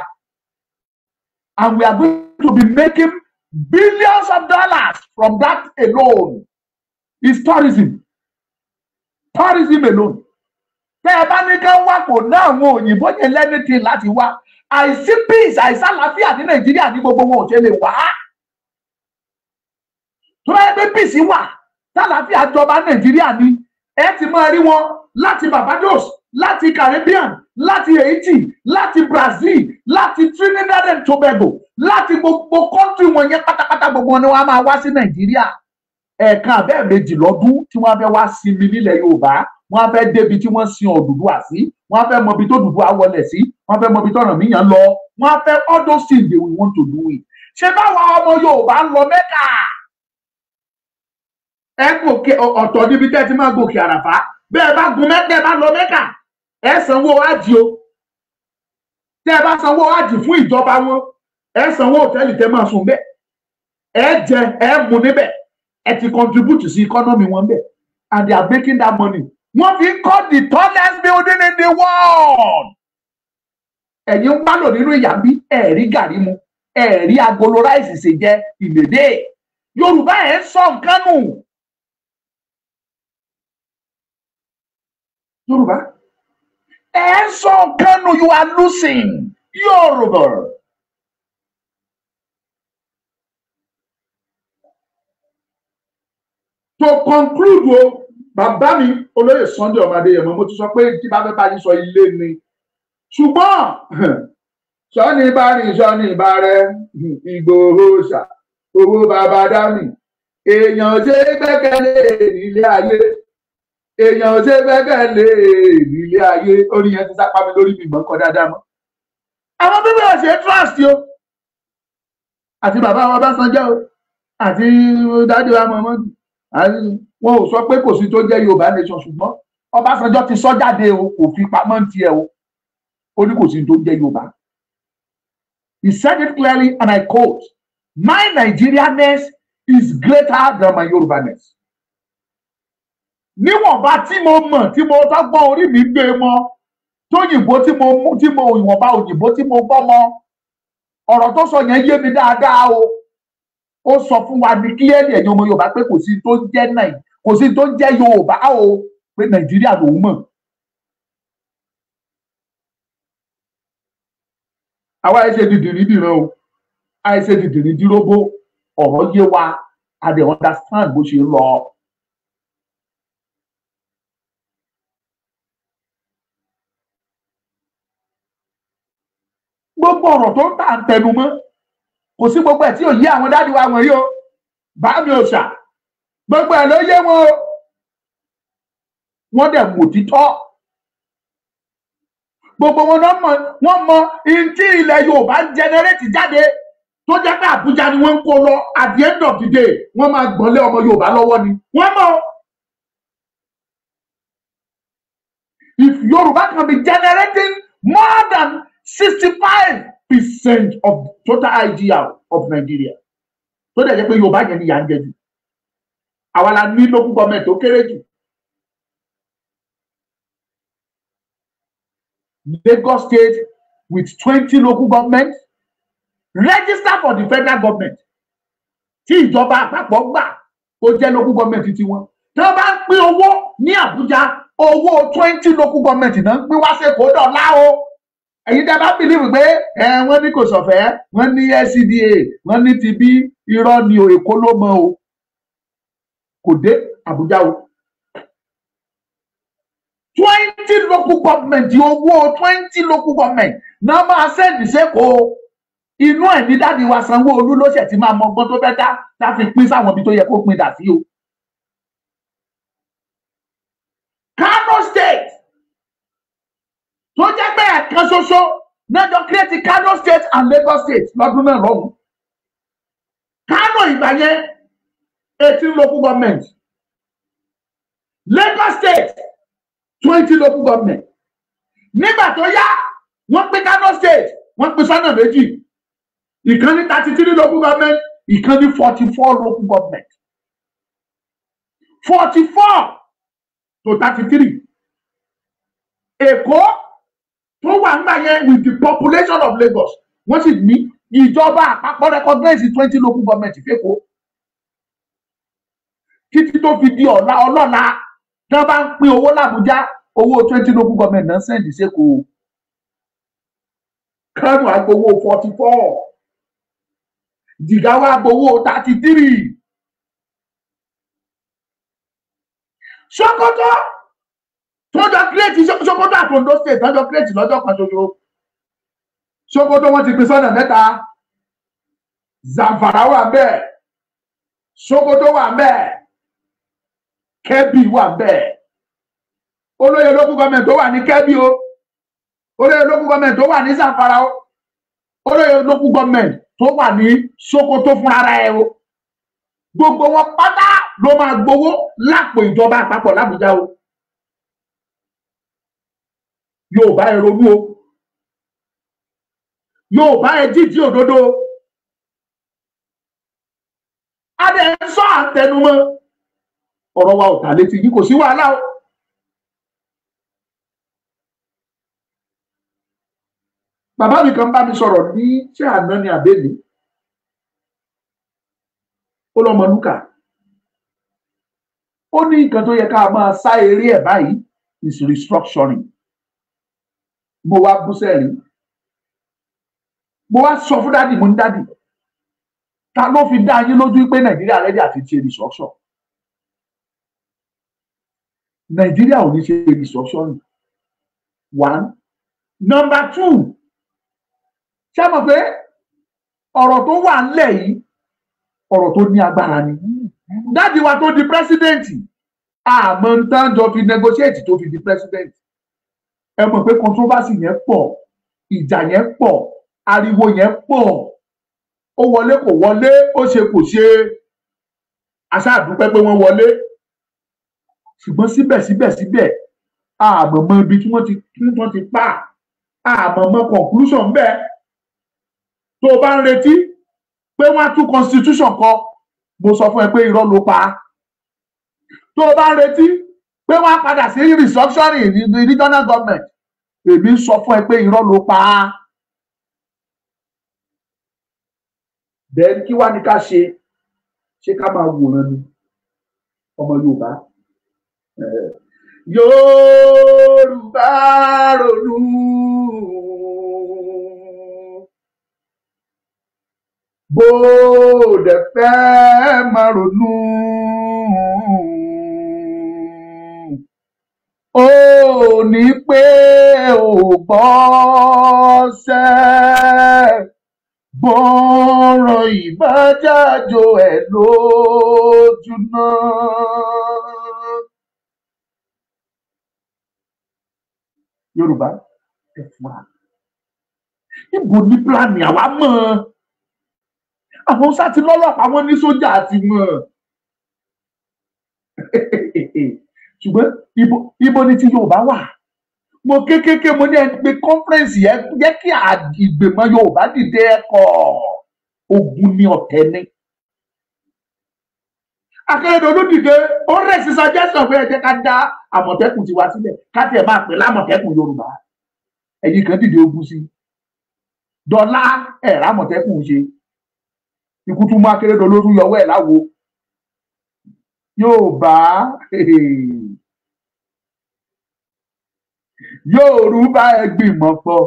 and we are going to be making billions of dollars from that alone is tourism tourism alone tẹ ẹ bá ní ká wá kò ná àwọn òyìnbó yẹn lẹ́nìtì láti wá àìsí peace àìsá àlàáfíà ní nàìjíríà ní gbogbo wọn ò ṣe lè wá tó bá yẹ pé peace wà tàlàáfíà jọba nàìjíríà ni ẹ ti máa rí wọn láti barbados láti caribbean láti Haiti láti Brazil láti Trinidad and Tobago láti gbogbo kọ́ńtì wọn pátápátá gbogbo ni wọn á máa wá sí Nàìjíríà ẹ̀ẹ̀kan abẹ́ẹ̀ méjì lọ́dún tí wọ́n á fẹ́ wá sinmi nílẹ̀ Yorùbá wọ́n á fẹ́ débi tí wọ́n sin Odùduwà sí wọ́n á fẹ́ mọbi tó Odùduwà wọlé sí wọ́n á fẹ́ mọbi tó Ọ̀rànmíyàn lọ wọ́n á fẹ́ all those things they will want to do it ṣé báwa ọmọ Yorùbá ń lọ Mẹ́kà ẹ gòkè ọ̀tọ̀ níbi tẹ́ ẹ ti máa gòkè àràfà bẹ́ẹ̀ bá gun mẹ́kà ẹ bá lọ Mẹ́kà ẹ sanwó ájì o tẹ ẹ bá sanwó ájì fún ìjọba wọn ẹ sanwó òtẹ́ẹ̀lì tẹ máa sùn bẹ́ẹ̀ ẹ jẹ ẹ mu níbẹ̀ ẹ ti contribute sí economy wọn bẹ́ẹ̀ and they are making that money wọ́n fi kọ́ the tallest building in the world ẹ̀yin ń wálò nínú ìyà bí ẹ̀rí gàrí mu ẹ̀rí agolo ráìsì ṣe jẹ ìlédè yorùbá ẹ̀ ń sọ nǹkan nù yorùbá ẹ ń sọ you are losing Yorùbá. to conclude o bàbá mi olóyè Sunday ọmọ Adéyẹmọ mo ti sọ pé tí bá fẹ́ bá yín sọ ilé ni ṣùgbọ́n sọ́ni bá rìn sọ́ni bá rẹ̀ Ìgbòho ṣá owó bàbá dá èèyàn ṣe gbẹ́kẹ̀lé nílé ayé èèyàn ò ṣe bẹ́ẹ̀ lè nílé ayé orí yẹn ti sápá mi lórí mi mọ́ dáadáa mọ́. àwọn tó bẹ̀rẹ̀ ṣe trust o àti bàbá wa Ọbásanjọ́ o àti dáàdi wa Muhammadu wọn ò sọ pé kò sí tó jẹ́ Yorùbá nation ṣùgbọ́n Ọbásanjọ́ ti sọ jáde o kò fi pamọ́ ti ẹ̀ o ó ní kò sí tó jẹ́ Yorùbá. He said it clearly and I quote, my Nigerianness is greater than my Yorùbáness níwọ̀nba tí mo mọ̀ tí mo bá orí mi gbé mọ́ tóyìnbó tí mo mú tí mo ìwọ̀nba òyìnbó tí mo gbọ́ mọ́ ọ̀rọ̀ tó sọ yẹn yé mi dáadáa o ó sọ fún wa ní clearly ẹ̀yin ọmọ yorùbá pé kò sí tó ń jẹ́ náà kò sí tó ń jẹ́ yorùbá o pé nàìjíríà lòún mọ̀. àwa ẹ ṣe dìdìrín dìran o àìṣe dìdìrín dìrógbó ọ̀rọ̀ yé wa a dẹ̀ understand bó ṣe lọ. gbogbo ọ̀rọ̀ tó ń tà ń tẹnu mọ́ kò sí gbogbo ẹ̀ tí ò yé àwọn dádì wa wọ̀nyí o bá mi ò ṣà gbogbo ẹ̀ ló yé wọn o wọ́n dẹ̀ mú òtítọ́ gbogbo wọn náà mọ wọ́n mọ ihun tí ilẹ̀ Yorùbá ń jẹnẹrétì jáde tó jẹ́ pé Àbújá ni wọ́n ń kó lọ at the end of the day wọ́n máa gbọ́nlé ọmọ Yorùbá lọ́wọ́ ni wọ́n mọ̀ if Yorùbá can be generating more than 65 percent of total IGR of Nigeria So they jẹ́ pé Yorùbá yẹn ni yà ń jẹ jù àwa la ní lókùn gọọmẹ̀ tó Lagos state with 20 local governments register for the federal government tí ìjọba àpapọ̀ back. Go jẹ́ local government ti wọn tí wọ́n bá ń near owó Oh Àbújá owó twenty local government náà ń pín wá sí kódọ̀ láò ẹ̀yin tẹ́ bá bìlíìfù pé ẹ wọ́n ní kò sọ̀fẹ́ wọ́n ní SCDA wọ́n ní ti bí irọ́ ni o èkó ló mọ o kò dé Àbújá o twenty local government owó twenty local government náà máa sẹ́ẹ̀dì sẹ́kọ̀ọ́ inú ẹ̀ ní dáàdi wa Sanwó-Olú ló ṣẹ̀ ti máa mọ ọgbọ́n tó fẹ́ dá tá fi pín sáwọn ibi tó yẹ kó pín dà sí o Kano State tó jẹ́ pé ẹ̀kan ṣoṣo mẹ́jọ kírètì Kano state and Lagos state lọ́dún náà lọ́hùn Kano ìgbà yẹn eighteen local government Lagos state twenty local government nígbà tó yá wọ́n pín Kano state wọ́n pín sọ́nà méjì ìkan ní thirty three local government ìkan ní forty four local government forty four to thirty three Èkó wọ́n wà ńgbà yẹn with the population of Lagos wọ́n sì ní ìjọba àpapọ̀ recognize twenty local government fẹ́kọ̀ọ́ títí tó fi di ọ̀la ọlọ́la tán bá ń pín owó làbújá owó twenty local government náà sẹ́ǹdì sẹ́kọ̀ọ́ Kánò agbowó forty four Jigawa agbowó thirty three Sokoto wọ́n jọ kírètì Sokoto àti Ondo state wọ́n jọ kírètì lọ́jọ́ kan ṣoṣo Sokoto wọ́n ti pín sọ́nà mẹ́ta Zamfara wà bẹ́ẹ̀ Sokoto wà bẹ́ẹ̀ Kebbi wà bẹ́ẹ̀ olóyè local government tó wà ní Kebbi o olóyè local government tó wà ní Zamfara o olóyè local government tó wà ní Sokoto fúnra ẹ o gbogbo wọn pátá ló máa gbowó lápò ìjọba àpapọ̀ l'Àbújá o yorùbá ẹ ronú o yorùbá ẹ jíjí òdodo adẹ ń sọ àtẹnumọ́ ọ̀rọ̀ wa ò tà létí yìí kò sí wàhálà o. bàbá mi kan bá mi sọ̀rọ̀ ní ṣé àná ni àbẹ́lẹ̀ ó lọ́mọ lúkà ó ní nǹkan tó yẹ ká máa sá eré ẹ̀ báyìí is restructuring mo wá bú sẹ́ẹ̀rí mo wá sọ fún dádì mo ní dádì ta ló fi dá yín lójú pé nàìjíríà rẹ́dí àti ti èrì sọ́ọ̀sọ̀ nàìjíríà ò ní ṣe èrì sọ́ọ̀sọ̀ yìí one number two ṣé mo pé ọ̀rọ̀ tó wà ńlẹ̀ yìí ọ̀rọ̀ tó ní agbára ni dádì wa tó di pírẹ́sídẹ̀ǹtì àmọ́ ń tán jọ fi negotiate tó fi di pírẹ́sídẹ̀ǹtì ẹ mọ̀ pé controversy yẹn pọ̀ ìjà yẹn pọ̀ ariwo yẹn pọ̀ ó wọlé kò wọlé ó ṣe kò ṣe aṣáàdúpẹ́ pé wọ́n wọlé ṣùgbọ́n síbẹ̀síbẹ̀síbẹ̀ àmọ̀mọ́ ibi tí wọ́n ti tún tán ti pa àmọ̀mọ́ conclusion bẹ́ẹ̀ tó o bá ń retí pé wọ́n á tún constitution kọ mo sọ fún ẹ pé irọ́ ló pa tó o bá ń retí pé wọ́n á padà sí restructuring regional government èmi sọ fún ẹ pé irọ́ ló pa á. bẹ́ẹ̀ kí wàá ní ká ṣe ṣé ká máa wòran ni ọmọ Yorùbá. Yorùbá ronú. Bó o dẹ̀ fẹ́ máa ronú ó ní pé ò bọ́sẹ̀ bọ́ọ̀rọ̀ ìbájájo ẹ̀ lójú náà. Yorùbá ẹ fura ibo ní pílánì àwa mọ̀ àwọn sátì lọ́lọ́pàá wọn ní sójà àti mọ̀. ṣùgbọ́n ibo ni ti Yorùbá wà mo kékeré mo ní ẹgbẹ́ conference yẹn jẹ́ kí ìgbìmọ̀ Yorùbá dìde ẹ̀kọ́ ogun ní ọ̀tẹ̀ ni akérèdọ́lù dìde ó rẹ̀ sí suggestion pé ẹ jẹ́ ká dá àmọ̀tẹ́kùn tiwa sílẹ̀ ká tiẹ̀ máa pè lámọ̀tẹ́kùn Yorùbá ẹ̀yin kan dìde ogun sí dọ́là ẹ̀rọ àmọ̀tẹ́kùn ṣe ikú tún mú akérèdọ́lù yọwọ́ ẹ̀ láwo Yorùbá Yorùbá ẹ gbìmọ̀ pọ̀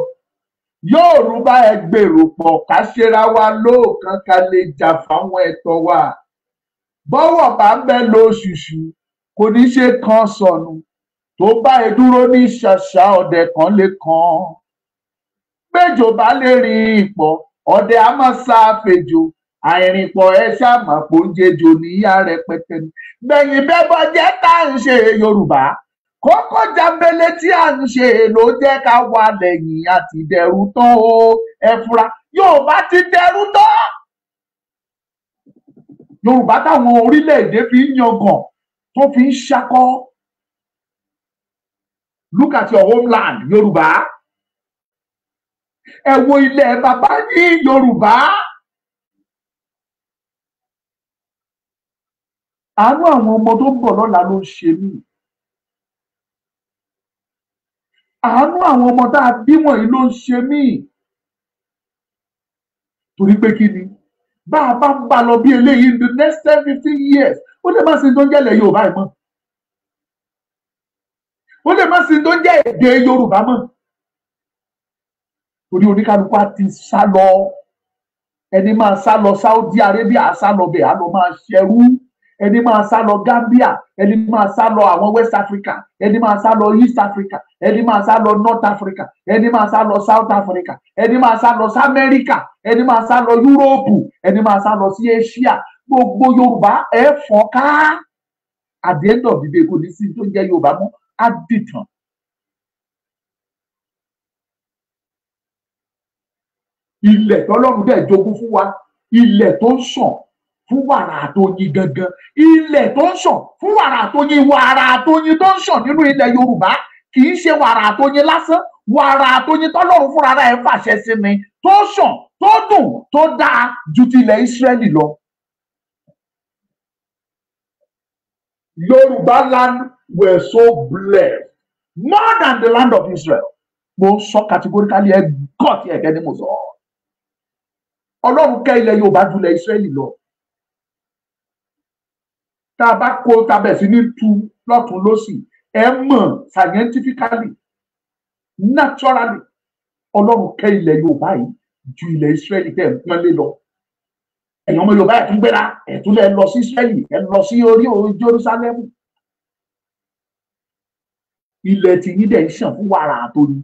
Yorùbá ẹ gbèrò pọ̀ ká ṣera wa lóòkan ká lè jà fáwọn ẹ̀tọ́ wa bọ́wọ̀ bá ń bẹ lóṣùṣù kò ní ṣe kan sọnù tó bá ẹ dúró ní ṣàṣà ọdẹ kan lè kan péjò bá lè rìn ìpọ̀ ọdẹ á máa sá àfejò àìrìnpọ̀ ẹ ṣáà mà pò ń níyà rẹpẹtẹ ni gbẹ̀yìn bẹ́bọjẹ́ tá à ń ṣe yorùbá kókó jambele tí à ń ṣe ló jẹ́ ká wà lẹ́yìn àti dẹ̀rù tán o ẹ fura yorùbá ti dẹ̀rù tán yorùbá táwọn orílẹ̀-èdè fi ń yangàn tó fi ń ṣakọ́ look at your homeland yorùbá ẹ wo ilẹ̀ bàbá yín yorùbá. àánú àwọn ọmọ tó ń bọ̀ lọ́la ló ń ṣe mí àánú àwọn ọmọ tá a bí wọ̀nyí ló ń ṣe mí torí pé kí ni bá a bá bá lọ bí eléyìí in the next ten fifteen years ó lè má sí tó ń jẹ́lẹ̀ Yorùbá mọ́ ó lè má sí tó ń jẹ́ èdè Yorùbá mọ́ torí oníkálukú á ti sá lọ ẹni máa sá lọ Saudi Arabia á sá lọ bẹ́ẹ̀ á lọ máa ṣẹrú ẹni máa sá lọ Gambia ẹni máa sá lọ àwọn West Africa ẹni máa sá lọ East Africa ẹni máa sá lọ North Africa ẹni máa sá lọ South Africa ẹni máa sá lọ sí America ẹni máa sá lọ Europe ẹni máa sá lọ sí Asia gbogbo Yorùbá ẹ fọ́n ká àdéhùn bíbẹ kò ní sí tó ń jẹ Yorùbá mọ́ á dìtàn. ilẹ̀ tọ́lọ́run dẹ̀ jogún fún wa ilẹ̀ tó ń sàn fún wàrà àtọyin gangan ilẹ̀ tó ń ṣàn fún wàrà àtọyin wàrà àtọyin tó ń ṣàn nínú ilẹ̀ yorùbá kì í ṣe wàrà àtọyin lásán wàrà àtọyin tọ́lọ́run fúnra rẹ̀ fàṣẹ sí mi tó ṣàn tó dùn tó dáa ju ti ilẹ̀ ísírẹ́lì lọ. yorùbá land were so blessed more than the land of israel mo ń sọ categorically ẹ gọ́ ti ẹ̀kẹ́ ni mo sọ ọlọ́run kẹ́ ilẹ̀ yorùbá ju ilẹ̀ ísírẹ́lì lọ tá a bá kó tabẹ̀ sí ní tu lọ́tún lọ́sì ẹ mọ̀ scientifically naturally ọlọ́run kẹ́ ilẹ̀ yorùbá yìí ju ilẹ̀ israẹli tẹ̀ ń pọ́nlé lọ ẹ̀yin ọmọ yorùbá ẹ̀ tún gbéra ẹ̀ tún lẹ̀ lọ sí israẹli ẹ̀ lọ sí orí orí jerusalemu ilẹ̀ tí yín dẹ̀ ń ṣàn fún wàrà àtò ni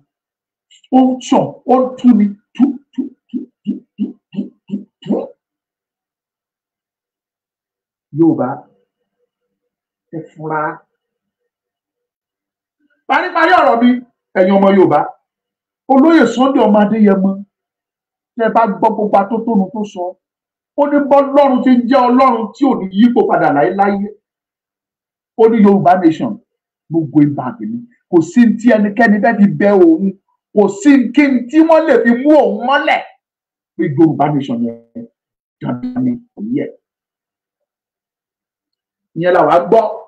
ó ń ṣàn ó ń tú ni tú tú tú tú tú tú tú. yorùbá kò fún rárá. paríparí ọ̀rọ̀ mi ẹ̀yin ọmọ Yorùbá olóyè Sunday ọmọ Adéyẹmọ tẹ́ bá gbọ́ gbogbo atótónu tó sọ ó ní bọ́lọ́run ti ń jẹ́ ọlọ́run tí ò ní yípo padà láéláé ó ní Yorùbá nation gbogbo ibà tèmi kò sí ti ẹnikẹ́ni bẹ́ẹ̀ fi bẹ òun kò sí kí n tí wọ́n lè fi mú òun mọ́lẹ̀ pé Yorùbá nation yẹn dandan ni kò yẹ ìyẹn làwọn á gbọ́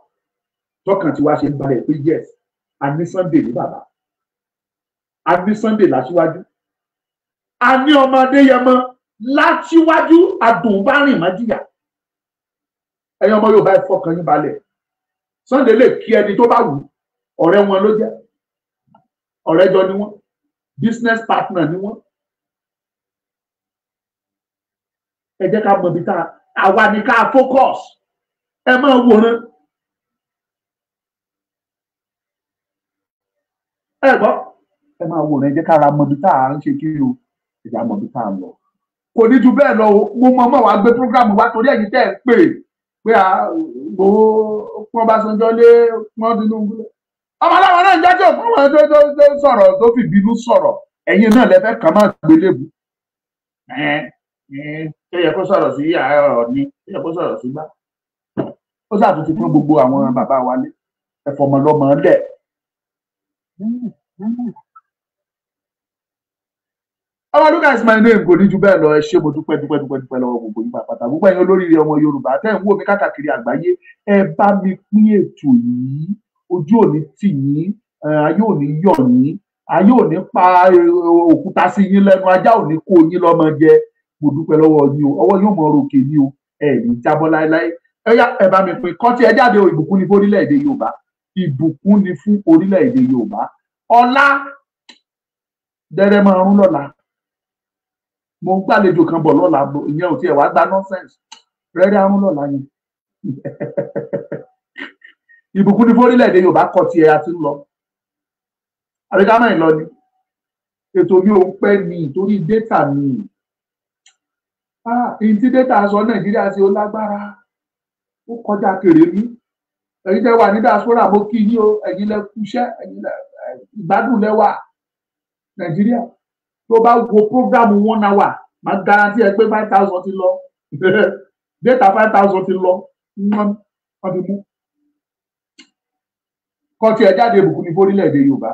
tọkàn tí wàá ṣe ń balẹ̀ pé yes a ní Sunday ní bàbá a ní Sunday láṣíwájú a ní ọmọ Adéyẹmọ láṣíwájú adùnbárìn májìyà ẹ̀yin ọmọ Yorùbá ẹ fọkàn yín balẹ̀ Sunday lè kí ẹni tó bá wù ọ̀rẹ́ wọn ló jẹ́ ọ̀rẹ́ jọ ni wọ́n business partner ni wọ́n ẹ jẹ́ ká mọ̀ bí tá àwa ni ká focus ẹ máa wòran ẹ gbọ́ ẹ máa wò rẹ jẹ́ kára mọ̀bí tá à ń ṣe kí o ìjà mọ̀bí tá à ń lọ. kò ní ju bẹ́ẹ̀ lọ o mo mọ mọ́ wàá gbé programu wá torí ẹ̀yin tẹ́ ẹ̀ pè pé à gbò wọ́n bá sanjọ́ lé wọ́n Tinubu. ọmọ aláwọ̀ náà ń jájọ́ fún wọn tó tó sọ̀rọ̀ tó fi bínú sọ̀rọ̀ ẹ̀yin náà lẹ́fẹ́ kàn máa gbélébù. ṣé yẹ kó sọ̀rọ̀ sí àárọ̀ ni ṣé yẹ kó sọ̀rọ̀ sí gbá. ó sàtúntì fún gbogbo àwọn bàbá wa lé ẹ̀fọ́ ọmọlọ́mọ lẹ̀ Ọmọlúkà is my name kò ní ju bẹ́ẹ̀ lọ ẹ ṣé mo dúpẹ́ dúpẹ́ dúpẹ́ dúpẹ́ lọ́wọ́ gbogbo yín pàpàtà gbogbo ẹ̀yin olóríire ọmọ Yorùbá tẹ́ ń wò mí káàkiri àgbáyé ẹ bá mi pín ètò yìí ojú òní tì yín ayé òní yọ̀ yín ayé òní pa òkúta sí yín lẹ́nu ajá òní kó yín lọ́mọ jẹ mo dúpẹ́ lọ́wọ́ yín o ọwọ́ yóò mọ ròkè ní o ẹ̀ ní jábọ́ láéláé ẹ yá ẹ bá mi pín kọ́tí ẹ jáde ìbùkún ní fórílẹ̀ ìbùkún ni fún orílẹ̀-èdè Yorùbá ọlá dẹrẹ máa rún lọ́la mo gbàlejò kan bọ̀ lọ́la ìyẹn ò tiẹ̀ wá gba nonsense rẹ́rẹ́ arún lọ́la yẹn ìbùkún ni fún orílẹ̀-èdè Yorùbá kọ tiẹ̀ àti ń lọ ìlọ ni ètò mi ò pẹ́ mi torí data mi ah ìyìn tí sọ Nàìjíríà ṣe ó lágbára ó kọjá kèrè mi ẹ̀yin tẹ́ wà ní diaspora mo kí yín o ẹ̀yin lẹ kúṣẹ́ ẹ̀yin lẹ ìgbádùn lẹ́wà nàìjíríà tó bá wo program one hour máa garanti ẹ pé five thousand ti lọ data five thousand ti lọ wọ́n ti mú kọ́ tiẹ̀ jáde ìbùkún ní fórílẹ̀-èdè yorùbá.